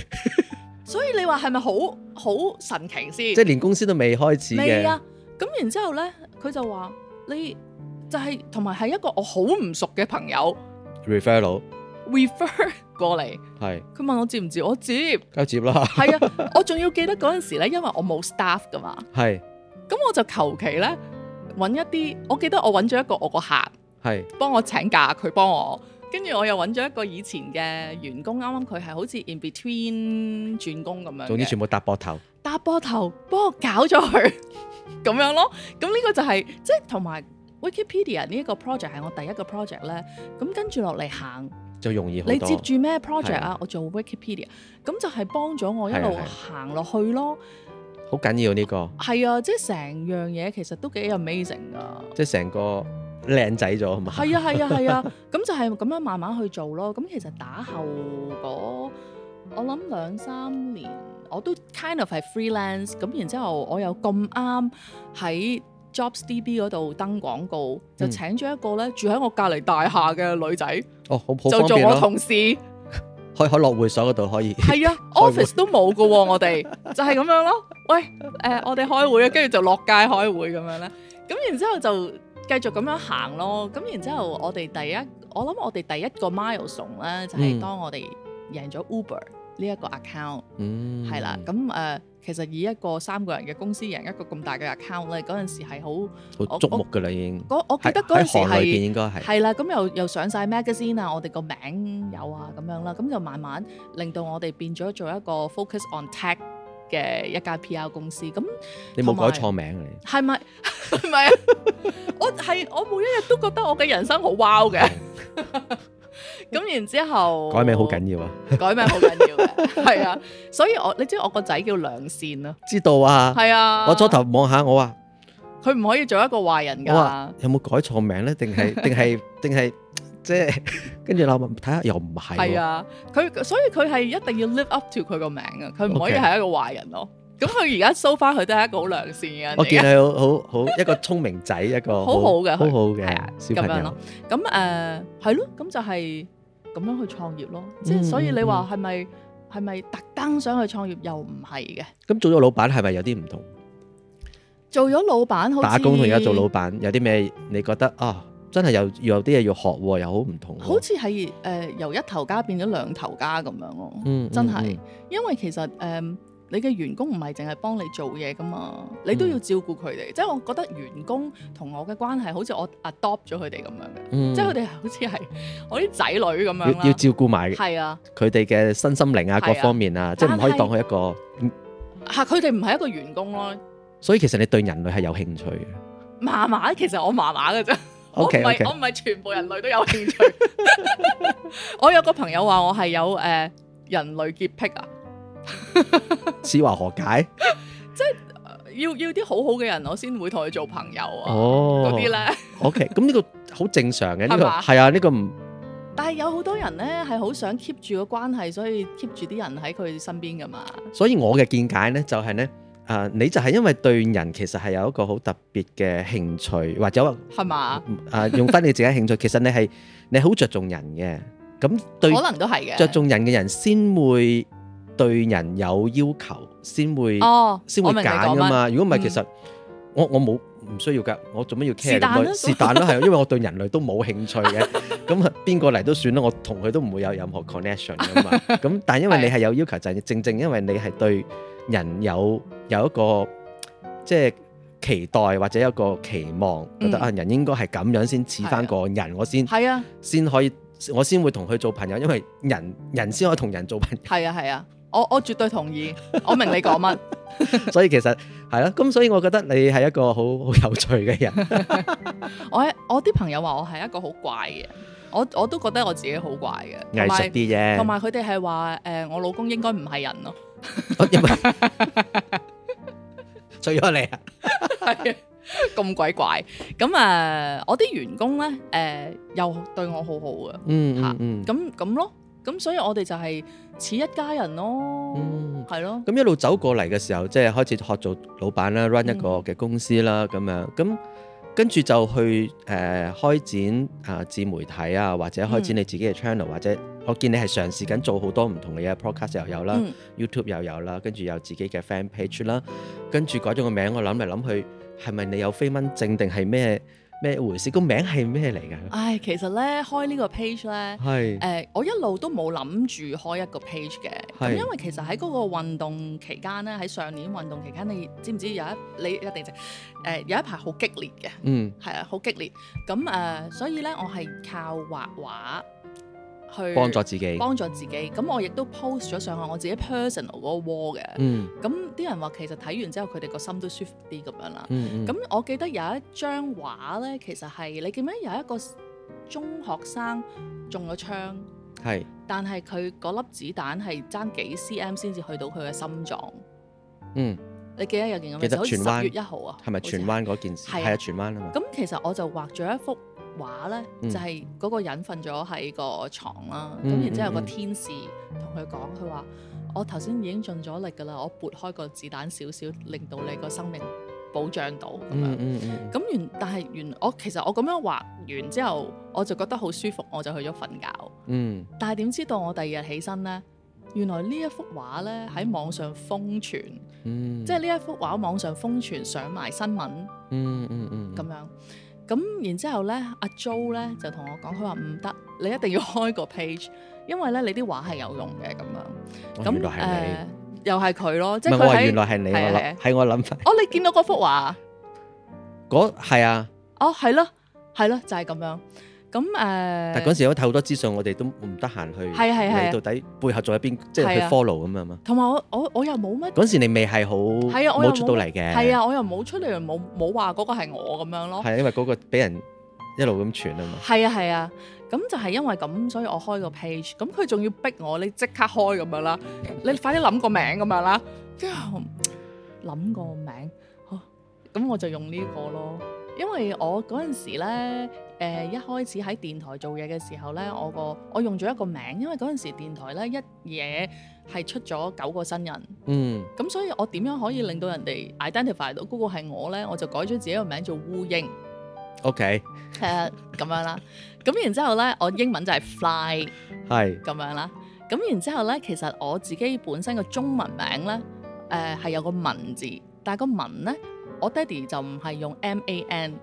所以你話係咪好好神奇先？即係連公司都未開始啊。咁然之後咧，佢就話你就係同埋係一個我好唔熟嘅朋友 refer 佬 refer 過嚟。係是，佢問我接唔接，我接，梗接啦。係 啊，我仲要記得嗰陣時咧，因為我冇 staff 噶嘛。係是，咁我就求其咧。揾一啲，我記得我揾咗一個我個客，係是幫我請假，佢幫我，跟住我又揾咗一個以前嘅員工，啱啱佢係好似 in between 轉工咁樣，總之全部搭膊頭，搭膊頭幫我搞咗佢，咁樣咯。咁呢個就係、是、即係同埋 Wikipedia 呢一個 project 係我第一個 project 咧。咁跟住落嚟行就容易，你接住咩 project 啊？是我做 Wikipedia，咁就係幫咗我一路行落的去咯。好緊要呢、這個係 啊,啊！即係成樣嘢其實都幾 amazing 噶，即係成個靚仔咗啊嘛！係啊係啊係啊！咁、啊啊、就係咁樣慢慢去做咯。咁其實打後嗰我諗兩三年，我都 kind of 係 freelance。咁然之後，我又咁啱喺 JobsDB 嗰度登廣告，就請咗一個咧住喺我隔離大廈嘅女仔。哦，好,好、啊、就做我同事。開可樂會所嗰度可以的。係啊 ，office 都冇噶喎，我哋 就係咁樣咯。喂，誒、呃，我哋開會啊，跟住就落街開會咁樣啦。咁然之後就繼續咁樣行咯。咁然之後我哋第一，我諗我哋第一個 milestone 咧，就係、是、當我哋贏咗 Uber 呢一個 account，係啦、嗯。咁誒。其實以一個三個人嘅公司贏一個咁大嘅 account 咧，嗰陣時係好好矚目㗎啦，已經。我記得嗰陣時係應該係啦，咁又又上晒 magazine 啊，我哋個名有啊咁樣啦，咁就慢慢令到我哋變咗做一個 focus on tech 嘅一家 PR 公司。咁你冇改錯名嚟？係咪，係咪？我係我每一日都覺得我嘅人生好 wow 嘅。咁然之後改名好緊要啊，改名好緊要嘅，係 啊，所以我你知我個仔叫梁善咯，知道啊，係啊，我初頭望下我話，佢唔可以做一個壞人噶、啊，有冇改錯名咧？定係定係定係即係跟住喇睇下又唔係，係啊，佢、啊、所以佢係一定要 live up to 佢個名啊，佢唔可以係一個壞人咯。Okay. 咁佢而家收翻佢都係一個好良善嘅人，我見佢好好一個聰明仔， 一個好他好嘅好好嘅小朋友。咁誒，係咯，咁、uh, 就係咁樣去創業咯。嗯嗯嗯即係所以你話係咪係咪特登想去創業又唔係嘅？咁做咗老闆係咪有啲唔同？做咗老闆，打工同而家做老闆有啲咩？你覺得啊、哦，真係有有啲嘢要學，又好唔同。好似係誒，由一頭家變咗兩頭家咁樣咯。真係，因為其實誒。嗯你嘅員工唔係淨係幫你做嘢噶嘛？你都要照顧佢哋，嗯、即係我覺得員工同我嘅關係好似我 adopt 咗佢哋咁樣嘅，嗯、即係佢哋好似係我啲仔女咁樣要。要照顧埋嘅。係啊，佢哋嘅身心靈啊，各方面啊，即係唔可以當佢一個。係，佢哋唔係一個員工咯、啊嗯。所以其實你對人類係有興趣嘅。麻麻，其實我麻麻嘅啫。我唔係我唔係全部人類都有興趣。我有個朋友話我係有誒人類潔癖啊。是話何解？即係要要啲好好嘅人，我先會同佢做朋友啊。嗰啲咧，OK，咁呢個好正常嘅，呢個係啊，呢個唔，但係有好多人咧係好想 keep 住個關係，所以 keep 住啲人喺佢身邊噶嘛。所以我嘅見解咧就係咧，誒，你就係因為對人其實係有一個好特別嘅興趣，或者係嘛誒，用翻你自己嘅興趣，其實你係你好着重人嘅。咁，對可能都係嘅着重人嘅人先會。對人有要求，先會先會揀噶嘛。如果唔係，其實我我冇唔需要噶。我做乜要 care 人類？是但咯係，因為我對人類都冇興趣嘅。咁啊，邊個嚟都算啦。我同佢都唔會有任何 connection 噶嘛。咁但係因為你係有要求，就係正正因為你係對人有有一個即係期待或者一個期望，覺得啊人應該係咁樣先似翻個人，我先係啊，先可以我先會同佢做朋友，因為人人先可以同人做朋友。係啊，係啊。我我絕對同意，我明你講乜， 所以其實係咯，咁所以我覺得你係一個好好有趣嘅人。 我我啲朋友話我係一個好怪嘅，我我都覺得我自己好怪嘅，藝術啲啫。同埋佢哋係話，誒、呃，我老公應該唔係人咯、啊， 除咗你啊，咁 鬼怪。咁誒、呃，我啲員工咧，誒、呃，又對我好好嘅、嗯，嗯吓，咁咁、啊、咯。咁所以我哋就係似一家人咯，係、嗯、咯。咁、嗯、一路走過嚟嘅時候，即係開始學做老闆啦，run 一個嘅公司啦，咁、嗯、樣。咁跟住就去誒、呃、開展啊、呃、自媒體啊，或者開展你自己嘅 channel、嗯、或者我見你係嘗試緊做好多唔同嘅嘢，podcast 又有啦、嗯、YouTube 又有啦，跟住有自己嘅 fan page 啦，跟住改咗個名，我諗嚟諗去，係咪你有飛蚊症定係咩？咩回事？個名係咩嚟㗎？唉、哎，其實咧開呢個 page 咧，係誒是、呃、我一路都冇諗住開一個 page 嘅。咁是因為其實喺嗰個運動期間咧，喺上年運動期間，你知唔知有一你一定識、呃、有一排好激烈嘅、嗯啊，嗯，係啊，好激烈。咁誒，所以咧我係靠畫畫，去幫助自己，幫助自己。咁、嗯、我亦都 post 咗上去我自己 personal 嗰個 wall 嘅。咁啲、嗯、人話其實睇完之後佢哋個心都舒服啲咁樣啦。咁、嗯嗯、我記得有一張畫咧，其實係你記唔記得有一個中學生中咗槍，係是，但係佢嗰粒子彈係爭幾 cm 先至去到佢嘅心臟。嗯，你記得有件咁嘅事？好似十月一號啊，係咪荃灣嗰件事？係啊，荃、啊、灣啊嘛。咁其實我就畫咗一幅。畫咧、嗯、就係嗰個人瞓咗喺個床啦，咁、嗯、然之後個天使同佢講，佢話：我頭先已經盡咗力㗎啦，我撥開個子彈少少，令到你個生命保障到咁樣。咁原、嗯嗯，但係原我其實我咁樣畫完之後，我就覺得好舒服，我就去咗瞓覺。嗯。但係點知道我第二日起身咧，原來呢一幅畫咧喺網上瘋傳，嗯嗯、即係呢一幅畫網上瘋傳，上埋新聞。嗯嗯嗯。咁樣。咁然之後咧，阿 Jo 咧就同我講，佢話唔得，你一定要開個 page，因為咧你啲畫係有用嘅咁樣。咁誒、呃，又係佢咯，是即係佢話。原來係你我諗，係我諗法。哦，你見到嗰幅畫？嗰係啊！哦，係咯，係咯，就係、是、咁樣。咁誒，但嗰陣時都睇好多資訊，我哋都唔得閒去睇到底背後喺邊，即係去 follow 咁樣啊嘛。同埋我我我又冇乜嗰陣時，你未係好冇出到嚟嘅。係啊，我又冇出嚟，冇冇話嗰個係我咁樣咯。係啊，因為嗰個俾人一路咁傳啊嘛。係啊係啊，咁就係因為咁，所以我開個 page，咁佢仲要逼我，你即刻開咁樣啦，你快啲諗個名咁樣啦，之後諗個名，咁我就用呢個咯，因為我嗰陣時咧。誒、uh, 一開始喺電台做嘢嘅時候呢，我個，我用咗一個名，因為嗰陣時電台呢一嘢係出咗九個新人。嗯，咁所以我點樣可以令到人哋 identify 到嗰個係我呢？我就改咗自己個名做烏蠅。OK，uh, 咁樣啦。咁 然之後呢，我英文就係 fly，係，咁樣啦。咁然之後呢，其實我自己本身個中文名呢，誒、呃、係有個文字，但係個文呢，我爹地就唔係用 man。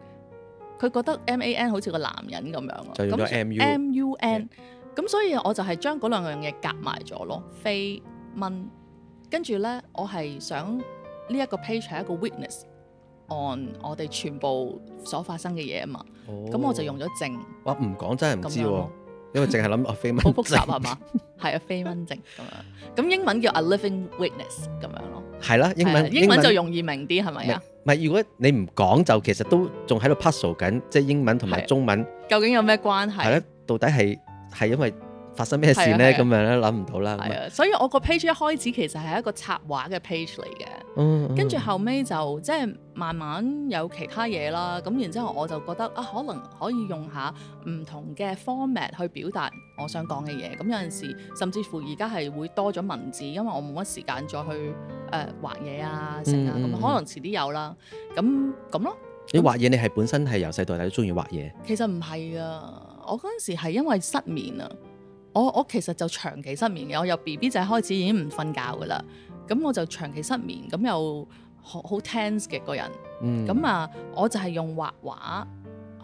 佢覺得 M A N 好似個男人咁樣咯，咁 M U N 咁，所以我就係將嗰兩樣嘢夾埋咗咯，飛蚊。跟住咧，我係想呢一個 page 係一個 witness on 我哋全部所發生嘅嘢啊嘛。咁我就用咗證。哇，唔講真係唔知喎，因為淨係諗阿飛蚊。好複雜係嘛？係阿飛蚊證咁樣。咁英文叫 a living witness 咁樣咯。係啦，英文英文就容易明啲係咪啊？唔係，如果你唔講，就其實都仲喺度 puzzle 緊，即係英文同埋中文，究竟有咩關係？係啦，到底係係因為發生咩事咧？咁的樣咧，諗唔到啦。係啊的么，所以我個 page 一開始其實係一個插畫嘅 page 嚟嘅，嗯、跟住後尾就、嗯、即係慢慢有其他嘢啦。咁然之後我就覺得啊，可能可以用下唔同嘅 format 去表達我想講嘅嘢。咁有陣時甚至乎而家係會多咗文字，因為我冇乜時間再去。誒、呃、畫嘢啊，成啊咁，可能遲啲有啦，咁咁咯。你畫嘢，你係本身係由細到大都鍾意畫嘢？其實唔係啊，我嗰陣時係因為失眠啊，我我其實就長期失眠嘅，我由 B B 仔開始已經唔瞓覺㗎喇，咁我就長期失眠，咁又好好 tense 嘅個人，咁、嗯、啊，我就係用畫畫。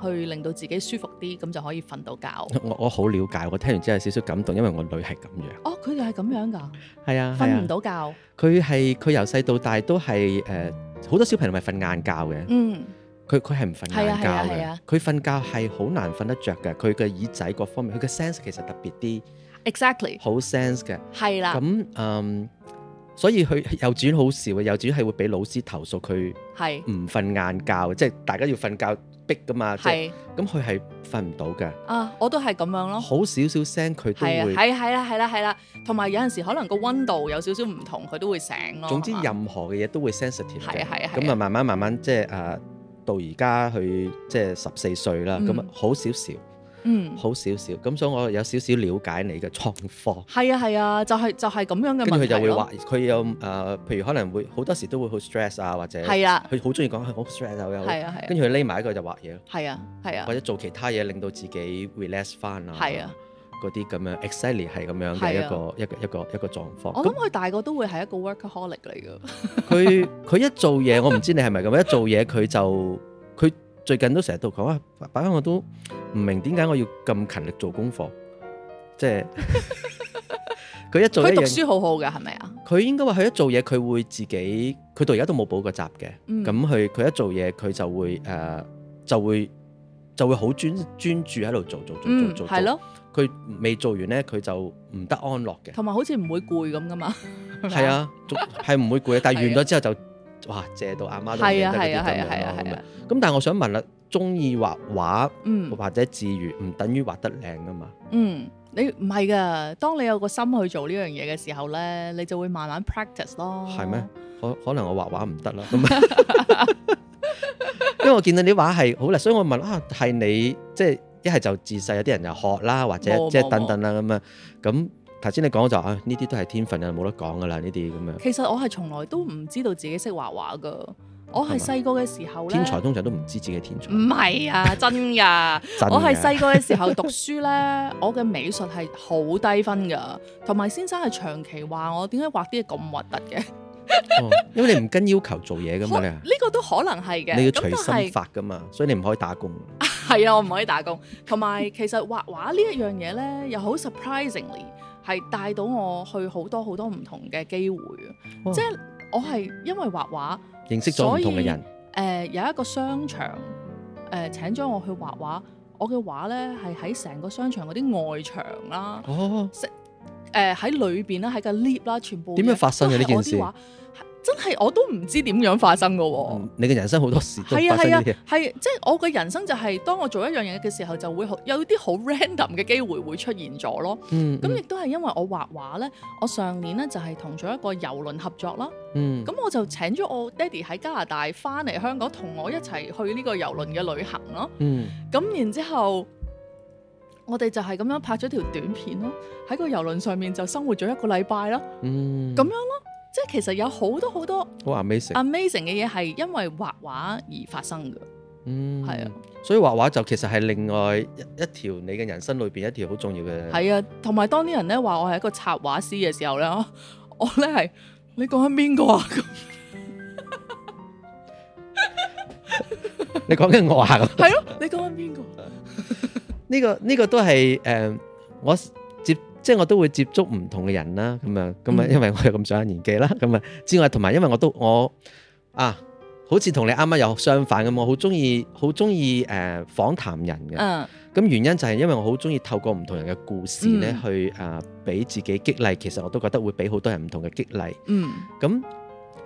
去令到自己舒服啲，咁就可以瞓到覺。我我好了解，我聽完之後有少少感動，因為我女係咁樣。哦，佢就係咁樣㗎。係啊，瞓唔到覺。佢係佢由細到大都係誒，好、呃、多小朋友咪瞓晏覺嘅。嗯，佢佢係唔瞓晏覺嘅。佢瞓、啊啊啊、覺係好難瞓得着嘅。佢嘅耳仔各方面，佢嘅 sense 其實特別啲。Exactly。好 sense 嘅。係啦。咁嗯，所以佢幼稚園好少嘅，幼稚園係會俾老師投訴佢係唔瞓晏覺，啊啊、即係大家要瞓覺。逼噶嘛，係即咁佢係瞓唔到嘅。嗯、啊，我都係咁樣咯。好少少聲佢都會係係啦係啦係啦，同埋、啊啊啊啊啊啊啊啊、有陣時可能個溫度有少少唔同，佢都會醒咯。總之任何嘅嘢都會 sensitive 嘅、啊，咁啊，啊慢慢慢慢即係啊到而家去即係十四歲啦，咁、嗯、好少少。嗯，好少少，咁所以我有少少了解你嘅狀況。係啊係啊，就係、是、就係、是、咁樣嘅問題咯。跟住佢就會話，佢有誒、呃，譬如可能會好多時都會好 stress st 啊，或者係啊，佢好中意講，我 stress 啊，跟住佢匿埋一個就畫嘢，係啊係啊，或者做其他嘢令到自己 relax 翻啊，係啊，嗰啲咁樣 exactly 係咁樣嘅一個一個一個一個狀況。我諗佢大個都會係一個 workaholic 嚟嘅。佢佢 一做嘢，我唔知你係咪咁， 一做嘢佢就佢。最近都成日都講啊，爸爸我都唔明點解我要咁勤力做功課，即係佢 一做一。佢讀書好好嘅係咪啊？佢應該話佢一做嘢，佢會自己，佢到而家都冇補過習嘅。咁佢佢一做嘢，佢就會誒、呃，就會就會好專專注喺度做做做做做。係咯，佢、嗯、未做完咧，佢就唔得安樂嘅。同埋好似唔會攰咁噶嘛？係啊 ，係唔會攰，但係完咗之後就。 哇！借到阿媽都係啊，係啊，係啊，係啊。咁，但係我想問啦，中意畫畫，嗯，或者自如，唔等於畫得靚噶嘛？嗯，你唔係噶，當你有個心去做呢樣嘢嘅時候咧，你就會慢慢 practice 咯。係咩？可可能我畫畫唔得啦， 因為我見到啲畫係好啦，所以我問啊，係你即係一係就自細有啲人又學啦，或者有即係等等啦咁啊咁。有頭先你講就啊，呢、哎、啲都係天分啊，冇得講噶啦。呢啲咁樣其實我係從來都唔知道自己識畫畫噶。我係細個嘅時候咧，天才通常都唔知自己天才，唔係啊，真㗎、啊。 真啊、我係細個嘅時候讀書咧， 我嘅美術係好低分噶，同埋先生係長期話我點解畫啲咁核突嘅，因為你唔跟要求做嘢噶嘛。呢、呢個都可能係嘅，你要隨心法噶嘛，所以你唔可以打工，係啊。我唔可以打工同埋， 其實畫畫呢一樣嘢咧，又好 surprisingly。係帶到我去好多好多唔同嘅機會，哦、即係我係因為畫畫認識咗唔同嘅人，所以呃，有一個商場誒、呃、請咗我去畫畫，我嘅畫咧係喺成個商場嗰啲外牆啦，哦，誒喺裏邊啦，喺個 lift 啦，全部點樣發生嘅呢件事？真係我都唔知點樣發生噶，你嘅人生好多事係啊係啊，係即係我嘅人生就係、是、當我做一樣嘢嘅時候，就會有啲好 random 嘅機會會出現咗咯。嗯，咁亦都係因為我畫畫呢，我上年呢就係同咗一個遊輪合作啦。咁、嗯、我就請咗我爹哋喺加拿大翻嚟香港，同我一齊去呢個遊輪嘅旅行咯。咁、嗯、然之後我哋就係咁樣拍咗條短片咯，喺個遊輪上面就生活咗一個禮拜啦。嗯，咁樣咯。即係其實有好多好多好 amazing 嘅嘢係因為畫畫而發生嘅，嗯，係啊，所以畫畫就其實係另外一一條你嘅人生裏邊一條好重要嘅，係啊，同埋當啲人咧話我係一個插畫師嘅時候咧，我咧係你講緊邊個啊？你講緊我啊？係咯，你講緊邊個？呢個呢個都係誒，我。即係我都會接觸唔同嘅人啦，咁啊，咁啊，因為我有咁上下年紀啦，咁啊之外，同埋因為我都我啊，好似同你啱啱又相反咁，我好中意好中意誒訪談人嘅，咁原因就係因為我好中意透過唔同人嘅故事咧，去誒俾、呃、自己激勵，其實我都覺得會俾好多人唔同嘅激勵。嗯，咁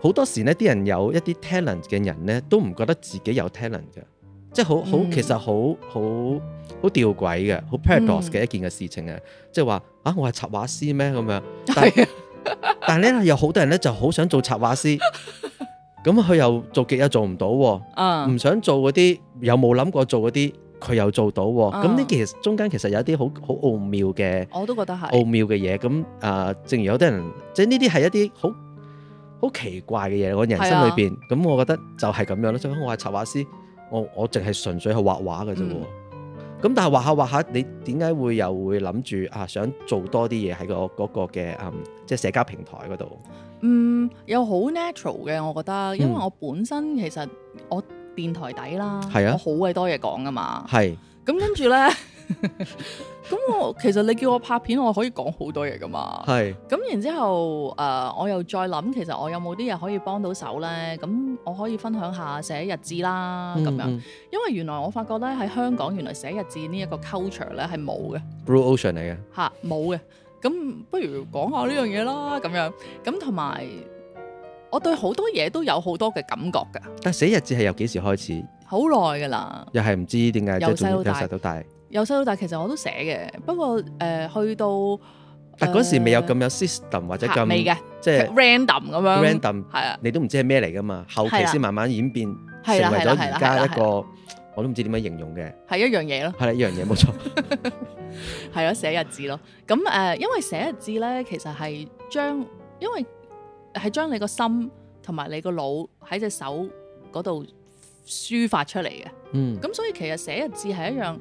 好多時呢啲人有一啲 talent 嘅人咧，都唔覺得自己有 talent 嘅。即係好好，其實好好好吊詭嘅，好 paradox 嘅一件嘅事情啊！嗯、即係話啊，我係插畫師咩咁樣？係啊，但係咧有好多人咧就好想做插畫師，咁佢又做極又做唔到，唔想做嗰啲，又冇諗過做嗰啲，佢又做到。咁呢其實中間其實有一啲好好奧妙嘅， ona, 我都覺得係奧妙嘅嘢。咁啊，正如有啲人，即係呢啲係一啲好好奇怪嘅嘢。我人生裏邊，咁我覺得就係咁樣咯。所以我係插畫師。我我淨係純粹係畫畫嘅啫喎，咁、嗯、但係畫下畫下，你點解會又會諗住啊？想做多啲嘢喺個嗰、嗰個嘅嗯，即係社交平台嗰度。嗯，又好 natural 嘅，我覺得，因為我本身其實我電台底啦，嗯、我好鬼多嘢講噶嘛。係是。咁跟住咧。 咁 我其實你叫我拍片，我可以講好多嘢噶嘛。係咁是，然之後誒、呃，我又再諗，其實我有冇啲嘢可以幫到手咧？咁我可以分享下寫日誌啦，咁、嗯嗯、樣，因為原來我發覺咧喺香港，原來寫日誌呢一個 culture 咧係冇嘅，Blue Ocean 嚟嘅吓，冇嘅。咁 不如講下呢樣嘢啦，咁樣咁同埋我對好多嘢都有好多嘅感覺噶。但寫日誌係由幾時開始？好耐噶啦，又係唔知點解，由細到大。由細到大，其實我都寫嘅。不過誒，去到但嗰時未有咁有 system 或者咁未嘅，即係 random 咁樣。random 係啊，你都唔知係咩嚟噶嘛。後期先慢慢演變，成為咗而家一個，我都唔知點樣形容嘅。係一樣嘢咯，係啦，一樣嘢冇錯。係咯，寫日字咯。咁誒，因為寫日字咧，其實係將因為係將你個心同埋你個腦喺隻手嗰度抒發出嚟嘅。嗯，咁所以其實寫日字係一樣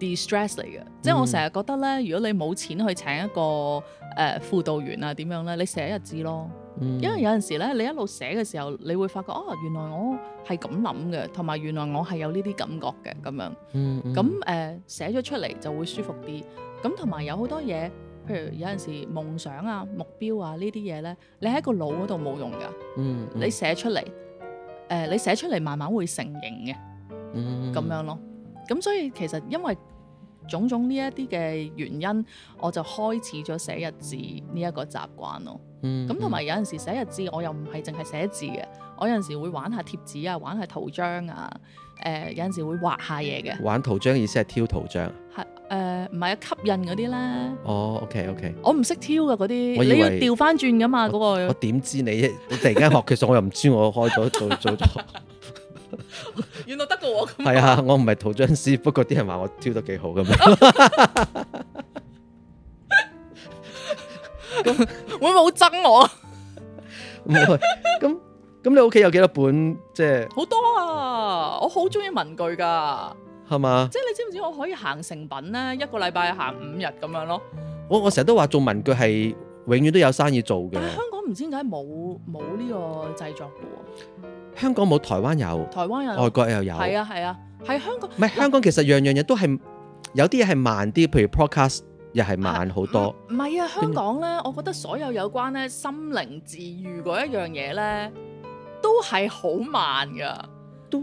distress 嚟嘅，嗯、即係我成日覺得咧，如果你冇錢去請一個誒、呃、輔導員啊，點樣咧，你寫日誌咯，嗯、因為有陣時咧，你一路寫嘅時候，你會發覺哦，原來我係咁諗嘅，同埋原來我係有呢啲感覺嘅咁樣，咁誒寫咗出嚟就會舒服啲，咁同埋有好多嘢，譬如有陣時夢想啊、目標啊呢啲嘢咧，你喺個腦嗰度冇用噶、嗯嗯嗯呃，你寫出嚟，誒你寫出嚟慢慢會成形嘅，咁樣咯。咁所以其實因為種種呢一啲嘅原因，我就開始咗寫日誌呢一個習慣咯。嗯，咁同埋有陣時寫日誌，我又唔係淨係寫字嘅，我有陣時會玩下貼紙啊，玩下圖章啊。誒、呃，有陣時會畫下嘢嘅。玩圖章意思係挑圖章。係誒，唔係有吸引嗰啲咧。哦，OK OK。我唔識挑嘅嗰啲，以你要調返轉㗎嘛嗰我、那個。我點知你突然間學？其實 我又唔知，我開咗做做咗。做做 原來得個我。係啊，我唔係圖章師，不過啲人話我挑得幾好噶嘛。咁會唔會好憎我？唔 係， 咁咁你屋企有幾多本即係？好多啊，我好中意文具噶，係嘛吧？即係你知唔知我可以行成品咧？一個禮拜行五日咁樣咯。我我成日都話做文具係。永遠都有生意做嘅，但係香港唔知點解冇冇呢個製作嘅喎。香港冇，台灣有，台灣有，外國又有，係啊係啊，係香港。唔係香港，其實樣樣嘢都係有啲嘢係慢啲，譬如 podcast 又係慢好多。唔係啊，香港咧，我覺得所有有關咧心靈治愈嗰一樣嘢咧，都係好慢㗎。都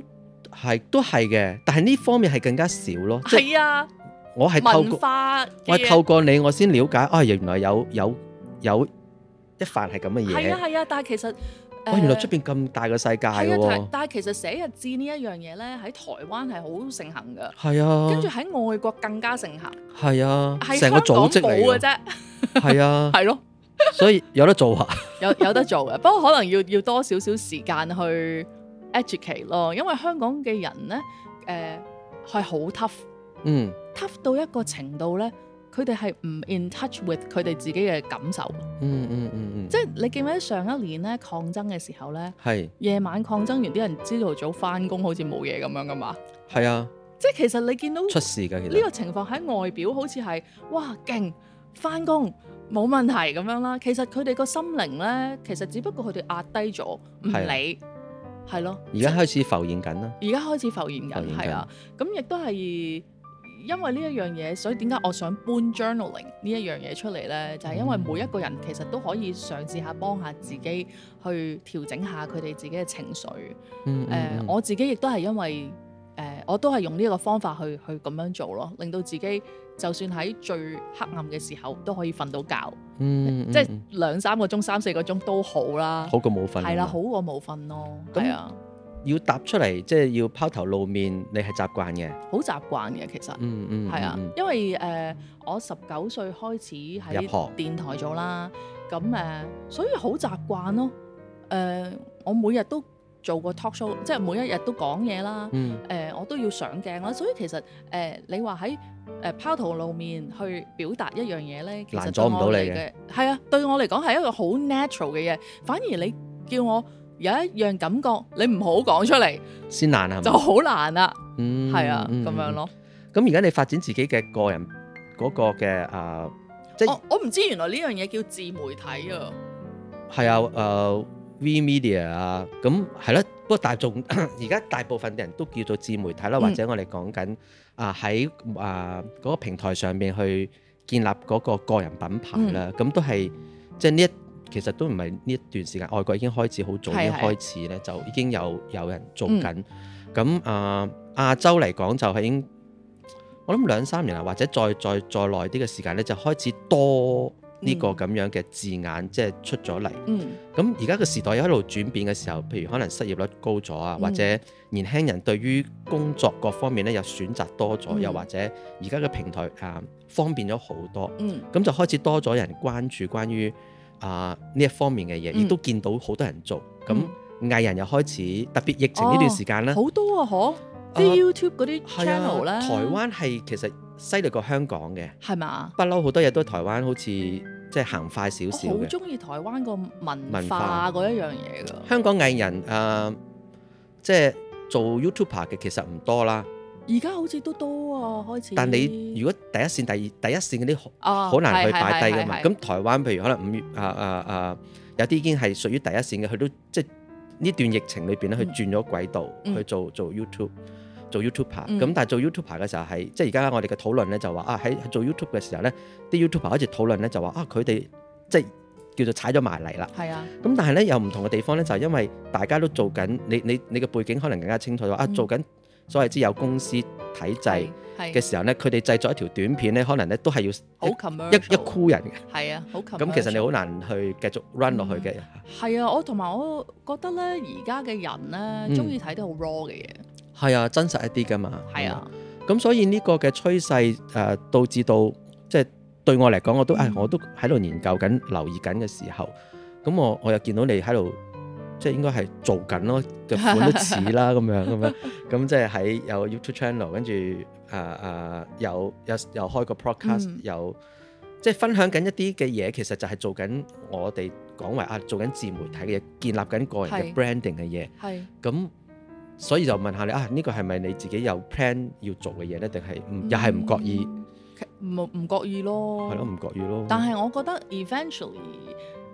係都係嘅，但係呢方面係更加少咯。係啊，我係透過我係透過你，我先了解啊，原來有有。有一份係咁嘅嘢，係啊係啊，但係其實，哇，原來出邊咁大個世界嘅喎，但係其實寫日誌呢一樣嘢咧，喺台灣係好盛行㗎，係啊，跟住喺外國更加盛行，係啊，係成個組織嚟嘅啫，係啊，係咯，所以有得做啊，有有得做嘅，不過可能要要多少少時間去 educate 咯，因為香港嘅人咧，誒係好 tough，嗯，tough 到一個程度咧。佢哋係唔 in touch with 佢哋自己嘅感受。嗯嗯嗯嗯。嗯嗯即係你記唔記得上一年咧、嗯、抗爭嘅時候咧？係是。夜晚抗爭完啲人知道早翻工好似冇嘢咁樣噶嘛？係啊。即係其實你見到出事㗎，其實呢個情況喺外表好似係哇勁翻工冇問題咁樣啦。其實佢哋個心靈咧，其實只不過佢哋壓低咗唔理，係咯、啊。而家、啊、開始浮現緊啦。而家開始浮現緊，係啊。咁亦都係。因為呢一樣嘢，所以點解我想搬 journaling 呢一樣嘢出嚟呢？就係、是、因為每一個人其實都可以嘗試下幫下自己去調整下佢哋自己嘅情緒。誒、嗯嗯嗯呃，我自己亦都係因為誒、呃，我都係用呢個方法去去咁樣做咯，令到自己就算喺最黑暗嘅時候都可以瞓到覺，嗯。嗯，嗯即係兩三個鐘、三四個鐘都好啦，好過冇瞓。係啦、啊，好過冇瞓咯。係那啊。要踏出嚟，即係要拋頭露面，你係習慣嘅。好習慣嘅，其實，嗯嗯，係、嗯、啊，因為誒、呃，我十九歲開始喺電台做啦，咁誒學、呃，所以好習慣咯。誒、呃，我每日都做個 talk show，即係每一日都講嘢啦。嗯，誒、呃，我都要上鏡啦，所以其實誒、呃，你話喺誒拋頭露面去表達一樣嘢咧，其實阻唔到你嘅。係啊，對我嚟講係一個好 natural 嘅嘢，反而你叫我。有一樣感覺，你唔好講出嚟先難，係咪難啊，就好難啊，係啊、嗯，咁樣咯。咁而家你發展自己嘅個人嗰個嘅啊，即、呃、係我唔知原來呢樣嘢叫自媒體」啊。係、嗯、啊，誒、呃、V media 啊，咁係咯。不過大眾而家大部分嘅人都叫做自媒體、啊」啦、嗯，或者我哋講緊啊喺啊嗰個平台上面去建立嗰個個人品牌啦，咁、嗯嗯、都係即係呢一。其實都唔係呢一段時間，外國已經開始好早，已經開始咧，是是就已經有有人做緊。咁啊、嗯嗯，亞洲嚟講就係已經，我諗兩三年啦，或者再再再耐啲嘅時間咧，就開始多呢個咁樣嘅字眼，嗯、即係出咗嚟。咁而家嘅時代又一路轉變嘅時候，譬如可能失業率高咗啊，或者年輕人對於工作各方面咧又選擇多咗，嗯、又或者而家嘅平台啊、呃、方便咗好多。咁就開始多咗人關注關於。啊！呢一方面嘅嘢，亦都見到好多人做。咁藝、嗯、人又開始特別疫情呢段時間呢，好、啊、多啊！嗬、啊，啲 YouTube 嗰啲 channel 咧，台灣係其實犀利過香港嘅，係嘛嗎？不嬲好多嘢都係台灣好似即係行快少少。好中意台灣個文化嗰化一樣嘢㗎。香港藝人誒、啊，即係做 YouTuber 嘅其實唔多啦。而家好似都多啊，開始。但你如果第一線、第二第一線嗰啲好難去擺低㗎嘛。咁台灣譬如可能五月啊啊啊，uh, uh, uh, 有啲已經係屬於第一線嘅，佢都即係呢段疫情裏邊咧，佢轉咗軌道、嗯、去做做 YouTube，做 YouTuber。咁、嗯、但係做 YouTuber 嘅時候係即係而家我哋嘅討論咧就話啊喺做 YouTube 嘅時候咧，啲 YouTuber 開始討論咧就話啊佢哋即係叫做踩咗埋嚟啦。係啊。咁、啊、 但係咧又唔同嘅地方咧就係因為大家都做緊，你你你嘅背景可能更加清楚啊做緊。啊啊啊啊啊啊所謂之有公司體制嘅時候咧，佢哋製作一條短片咧，可能咧都係要一很 commercial, 一箍人嘅。係啊，好咁其實你好難去繼續 run 落去嘅。係、嗯、啊，我同埋我覺得咧，而家嘅人咧，中意睇啲好 raw 嘅嘢。係、嗯、啊，真實一啲噶嘛。係啊，咁、啊、所以呢個嘅趨勢誒、呃，導致到即係、就是、對我嚟講，我都誒、嗯、我都喺度研究緊、留意緊嘅時候，咁我我又見到你喺度。即係應該係做緊咯，就款都似啦咁樣咁樣，咁即係喺有 YouTube channel，跟住啊啊有有又開個 podcast，有即係分享緊一啲嘅嘢，其實就係做緊我哋講為啊做緊自媒體嘅嘢，建立緊個人嘅 branding 嘅嘢。係。咁所以就問下你啊，呢個係咪你自己有 plan 要做嘅嘢咧？定係又係唔覺意？唔唔覺意咯。係咯，唔覺意咯。但係我覺得 eventually。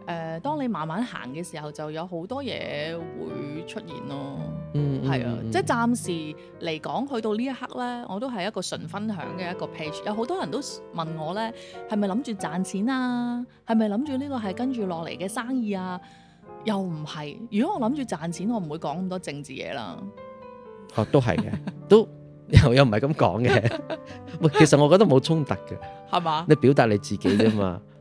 誒、呃，當你慢慢行嘅時候，就有好多嘢會出現咯。嗯，係啊，嗯、即係暫時嚟講，去到呢一刻咧，我都係一個純分享嘅一個 page。有好多人都問我咧，係咪諗住賺錢啊？係咪諗住呢個係跟住落嚟嘅生意啊？又唔係。如果我諗住賺錢，我唔會講咁多政治嘢啦。哦，都係嘅， 都又又唔係咁講嘅。 其實我覺得冇衝突嘅，係嘛吧？你表達你自己啫嘛。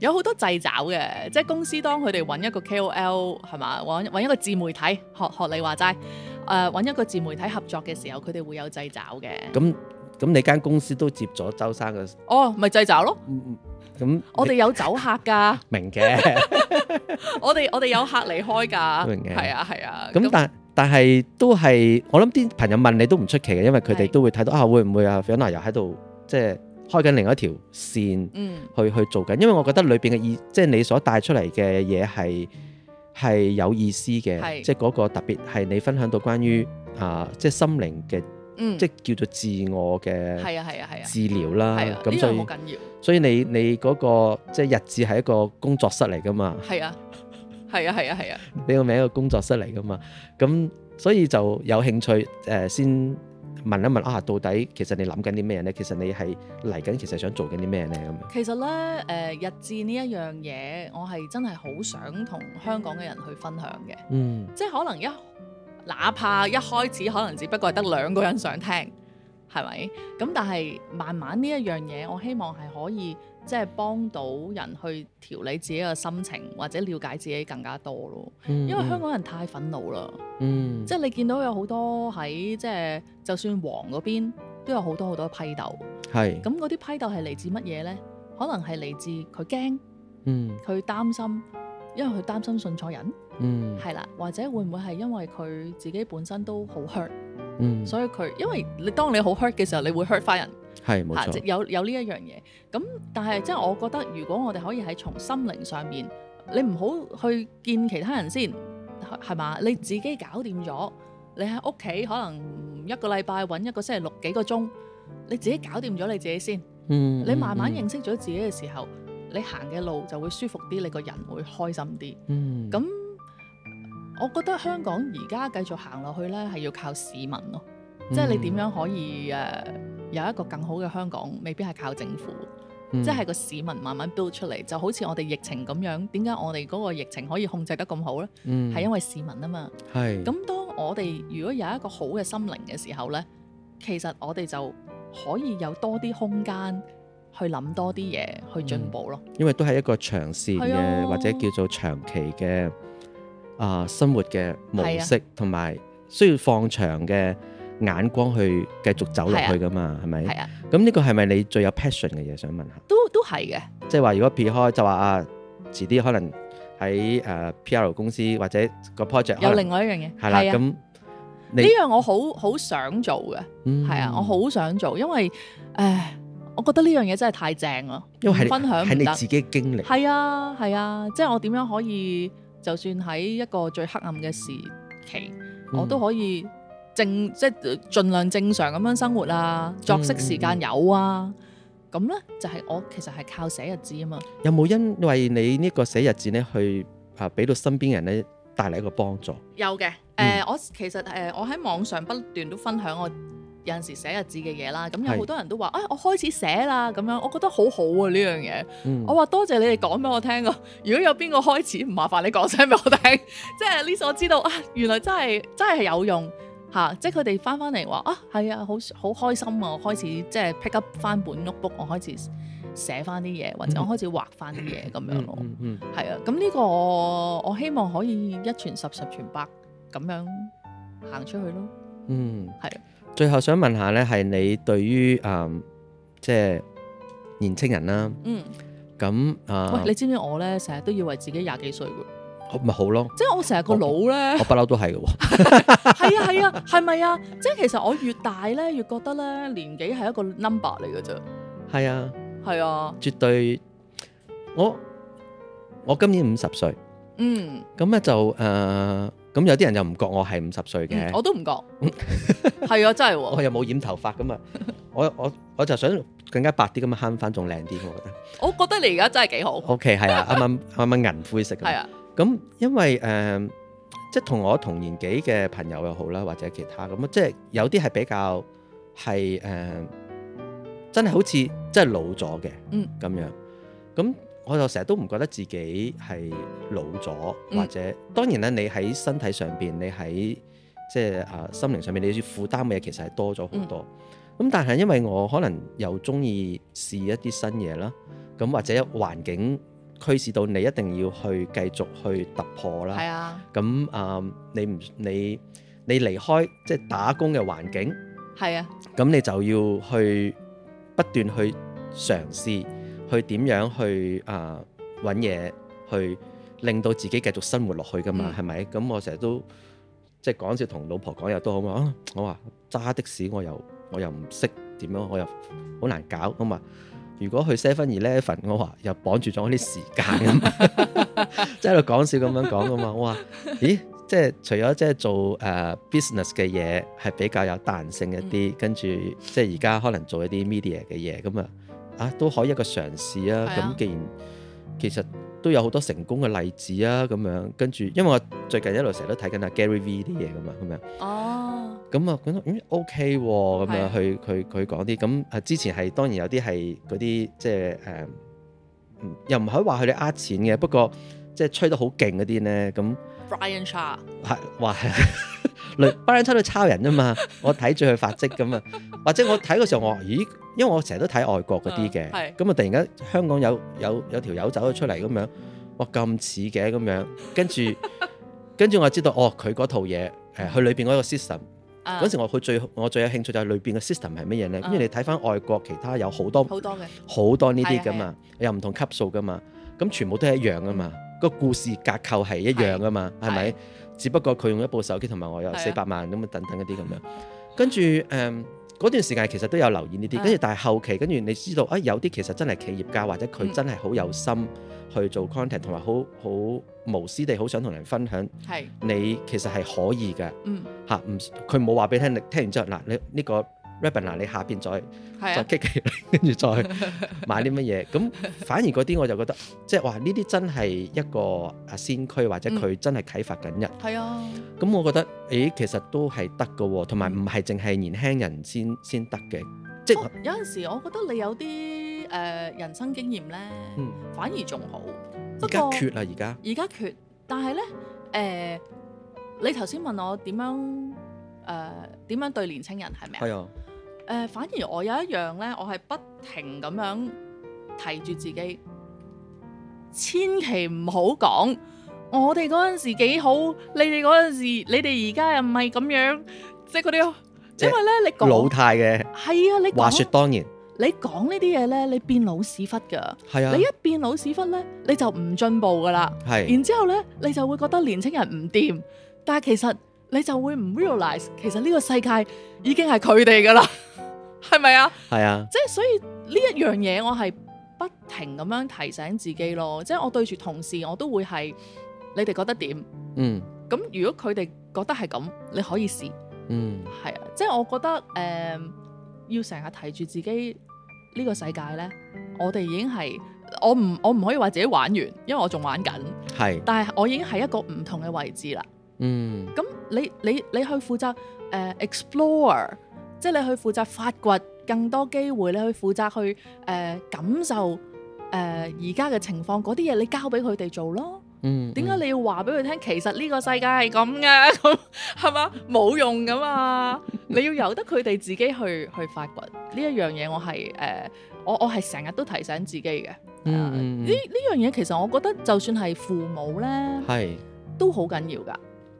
有好多制找嘅，即係公司當佢哋搵一個 KOL 係嘛，搵搵一個自媒體，學學你話齋，誒搵一個自媒體合作嘅時候，佢哋會有制找嘅。咁咁你間公司都接咗周生嘅？哦，咪制找咯。嗯嗯。咁我哋有走客噶。明嘅。我哋我哋有客離開噶。明嘅。係啊係啊。咁但但係都係，我諗啲朋友問你都唔出奇嘅，因為佢哋都會睇到啊，會唔會啊？Fiona 又喺度即係。開緊另一條線去去做緊，因為我覺得裏邊嘅意，即係你所帶出嚟嘅嘢係係有意思嘅，即係嗰個特別係你分享到關於啊，即係心靈嘅，即係叫做自我嘅治療啦。咁所以所以你你嗰個即係日誌係一個工作室嚟㗎嘛？係啊，係啊，係啊，係啊，你個名一個工作室嚟㗎嘛。咁所以就有興趣誒先，問一問啊，到底其實你諗緊啲咩呢？其實你係嚟緊，其實想做緊啲咩呢？咁其實呢，誒、呃、日誌呢一樣嘢，我係真係好想同香港嘅人去分享嘅。嗯，即係可能一，哪怕一開始可能只不過係得兩個人想聽，係咪？咁但係慢慢呢一樣嘢，我希望係可以。即係幫到人去調理自己嘅心情，或者了解自己更加多咯。嗯、因為香港人太憤怒啦、嗯，即係你見到有好多喺即係，就算黃嗰邊都有好多好多批鬥。係咁嗰啲批鬥係嚟自乜嘢咧？可能係嚟自佢驚，佢、嗯、擔心，因為佢擔心信錯人。係、嗯、啦，或者會唔會係因為佢自己本身都好 hurt，嗯、所以佢因為你當你好 hurt 嘅時候，你會 hurt 翻人。係，冇錯，有有呢一樣嘢咁，但係即係我覺得，如果我哋可以喺從心靈上面，你唔好去見其他人先係嘛？你自己搞掂咗，你喺屋企可能一個禮拜揾一個星期六幾個鐘，你自己搞掂咗你自己先。嗯，嗯嗯，你慢慢認識咗自己嘅時候，你行嘅路就會舒服啲，你個人會開心啲。嗯，咁我覺得香港而家繼續行落去咧，係要靠市民咯、哦，嗯、即係你點樣可以誒？呃有一個更好嘅香港，未必係靠政府，嗯、即係個市民慢慢 build 出嚟。就好似我哋疫情咁樣，點解我哋嗰個疫情可以控制得咁好呢？嗯，係因為市民啊嘛。係是。咁當我哋如果有一個好嘅心靈嘅時候呢，其實我哋就可以有多啲空間去諗多啲嘢去進步咯、嗯。因為都係一個長線嘅、啊、或者叫做長期嘅啊、呃、生活嘅模式同埋、啊、需要放長嘅眼光去繼續走落去噶嘛，係咪？係啊。咁呢吧、啊、個係咪你最有 passion 嘅嘢？想問下。都都係嘅。即係話，如果撇開就話啊，遲啲可能喺誒、啊、PR 公司或者個 project 有另外一樣嘢係啦。咁呢樣我好好想做嘅，嗯，係啊，我好想做，因為誒，我覺得呢樣嘢真係太正啊！用分享係你自己經歷，係啊，係啊，啊，即係、啊、我點樣可以，就算喺一個最黑暗嘅時期，我都可以、嗯。正即係盡量正常咁樣生活啊，作息時間有啊，咁咧、嗯嗯、就係、是、我其實係靠寫日誌啊嘛。有冇因為你呢個寫日誌咧，去啊俾到身邊人咧帶嚟一個幫助？有嘅的，誒、嗯呃，我其實誒、呃，我喺網上不斷都分享我有陣時寫日誌嘅嘢啦。咁有好多人都話啊、哎，我開始寫啦，咁樣我覺得好好啊呢樣嘢。嗯、我話多謝你哋講俾我聽啊，如果有邊個開始，唔麻煩你講聲俾我聽，即係呢我知道啊，原來真係真係係有用。嚇、啊！即係佢哋翻翻嚟話啊，係啊，好好、啊、開心啊！我開始即係 pick up 翻本 notebook，我開始寫翻啲嘢，或者我開始畫翻啲嘢咁樣咯、 嗯。嗯嗯，係啊。咁呢個我希望可以一傳十，十傳百咁樣行出去咯。嗯，係、啊。最後想問下咧，係你對於誒、呃、即係年青人啦。嗯。咁啊、呃？喂，你知唔知我咧成日都以為自己廿幾歲？咪好咯！即係我成日個腦咧，我不嬲都係嘅喎。係啊係啊，係咪啊，啊？即係其實我越大咧，越覺得咧年紀係一個 number 嚟嘅啫。係啊係啊，啊絕對，我我今年五十歲。嗯，咁咧就誒，咁、呃、有啲人又唔覺我係五十歲嘅，我都唔覺。係 啊，真係、哦， 我又冇染頭髮咁啊！我我我就想更加白啲咁樣，慳翻仲靚啲，我覺得。 我覺得你而家真係幾好。O K 係啊，啱啱啱啱銀灰色係 是啊。 咁因為誒、呃，即係同我同年紀嘅朋友又好啦，或者其他咁啊，即係有啲係比較係誒、呃，真係好似真係老咗嘅，咁、嗯、樣。咁我就成日都唔覺得自己係老咗，或者、嗯、當然咧，你喺身體上邊，你喺即係啊心靈上面，你啲負擔嘅嘢其實係多咗好多。咁、嗯、但係因為我可能又中意試一啲新嘢啦，咁或者環境，驅使到你一定要去繼續去突破啦。係啊，咁啊、um，你唔你你離開即係、就是、打工嘅環境。係啊，咁你就要去不斷去嘗試，去點樣去啊搵嘢，去令到自己繼續生活落去㗎嘛，係咪、嗯？咁我成日都即係講笑，同老婆講嘢都好嘛。啊、我話揸的士我，我又我又唔識點樣，我又好難搞咁啊！如果去 seven eleven 嘅話，11, 我又綁住咗啲時間咁啊，即係喺度講笑咁 樣講噶嘛。我話咦，即係除咗即係做誒、呃、business 嘅嘢係比較有彈性一啲，嗯、跟住即係而家可能做一啲 media 嘅嘢咁啊，啊都可以一個嘗試啊。咁 既然其實都有好多成功嘅例子啊，咁樣跟住，因為我最近一路成日都睇緊阿 Gary V 啲嘢咁啊，咁樣，咁樣哦。咁、嗯 okay、啊，咁嗯 O K 喎，咁啊的，去佢，佢講啲咁啊，之前係當然有啲係嗰啲即係誒、呃，又唔可以話佢哋呃錢嘅，不過即係吹得好勁嗰啲咧，咁 Brian Shaw Char .係哇，哇 雷 Brian Shaw 都抄人啫嘛，我睇住佢發跡咁啊，或者我睇嘅時候我咦，因為我成日都睇外國嗰啲嘅，咁啊、嗯，突然間香港有有有條友走咗出嚟咁樣，哇咁似嘅咁樣，跟住跟住我知道哦，佢嗰套嘢誒，佢裏邊嗰個 system。嗰時我佢最我最有興趣就係裏邊嘅 system 係乜嘢咧？因為你睇返外國其他有好多好多呢啲噶嘛，有唔同級數噶嘛，咁全部都係一樣噶嘛，個故事結構係一樣噶嘛，係咪？只不過佢用一部手機同埋我有四百萬咁啊等等嗰啲咁樣，跟住嗯。嗰段時間其實都有留意呢啲，跟住但係後期跟住你知道啊、哎，有啲其實真係企業家或者佢真係好有心去做 content，同埋好好無私地好想同人分享。係，你其實係可以嘅。嗯，嚇唔佢冇話俾你聽，你聽完之後嗱，你呢個。rapper 嗱，你下邊再再激佢，跟住再買啲乜嘢？咁 反而嗰啲我就覺得，即係哇呢啲真係一個啊先驅，或者佢真係啟發緊人。係、嗯、啊。咁我覺得，誒、欸、其實都係得嘅喎，同埋唔係淨係年輕人先先得嘅。即係、哦、有陣時，我覺得你有啲誒人生經驗咧，嗯、反而仲好。而家缺啦，而家。而家缺，但係咧誒，你頭先問我點樣誒點、呃、樣對年輕人係咪啊？誒，反而我有一樣咧，我係不停咁樣提住自己，千祈唔好講。我哋嗰陣時幾好，你哋嗰陣時，你哋而家又唔係咁樣，即係嗰啲。因為咧，你講老態嘅，係啊，你話説當然，你講呢啲嘢咧，你變老屎忽㗎。係啊，你一變老屎忽咧，你就唔進步㗎啦。係，然之後咧，你就會覺得年青人唔掂，但係其實你就會唔 realize，其實呢個世界已經係佢哋㗎啦。係咪啊？係啊！即係所以呢一樣嘢，我係不停咁樣提醒自己咯。即係我對住同事，我都會係，你哋覺得點？嗯。咁如果佢哋覺得係咁，你可以試。嗯。係啊，即係我覺得誒、呃，要成日提住自己呢個世界咧，我哋已經係我唔我唔可以話自己玩完，因為我仲玩緊。係。但係我已經係一個唔同嘅位置啦。嗯，嗯。咁你你你去負責誒 explore，即係你去負責發掘更多機會，你去負責去誒、呃、感受誒而家嘅情況，嗰啲嘢你交俾佢哋做咯。嗯，點、嗯、解你要話俾佢聽？其實呢個世界係咁嘅，咁係嘛冇用噶嘛？ 你要由得佢哋自己去去發掘呢一樣嘢、呃。我係誒我我係成日都提醒自己嘅、嗯。嗯，呢呢、uh, 樣嘢其實我覺得就算係父母咧，係是都好緊要噶。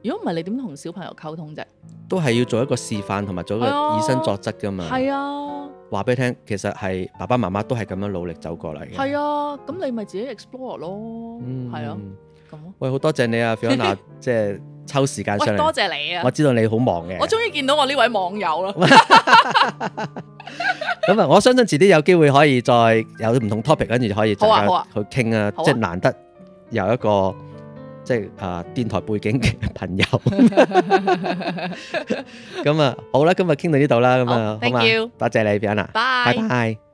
如果唔係，你點同小朋友溝通啫？都係要做一個示範，啊，同埋做個以身作則噶嘛。係啊。話俾你聽，其實係爸爸媽媽都係咁樣努力走過嚟嘅。係啊，咁你咪自己 explore 咯。係、嗯、啊，咁。喂，好多謝你啊，Fiona 即係抽時間上嚟。多謝你啊！我知道你好忙嘅。我終於見到我呢位網友啦。咁 啊， 我相信自己有機會可以再有唔同 topic，跟住就可以再去傾啊！啊啊即係難得有一個。即係啊，呃，電台背景嘅朋友，咁啊，好啦，今日傾到呢度啦，咁啊，好嘛，多謝你，Beyond，拜拜。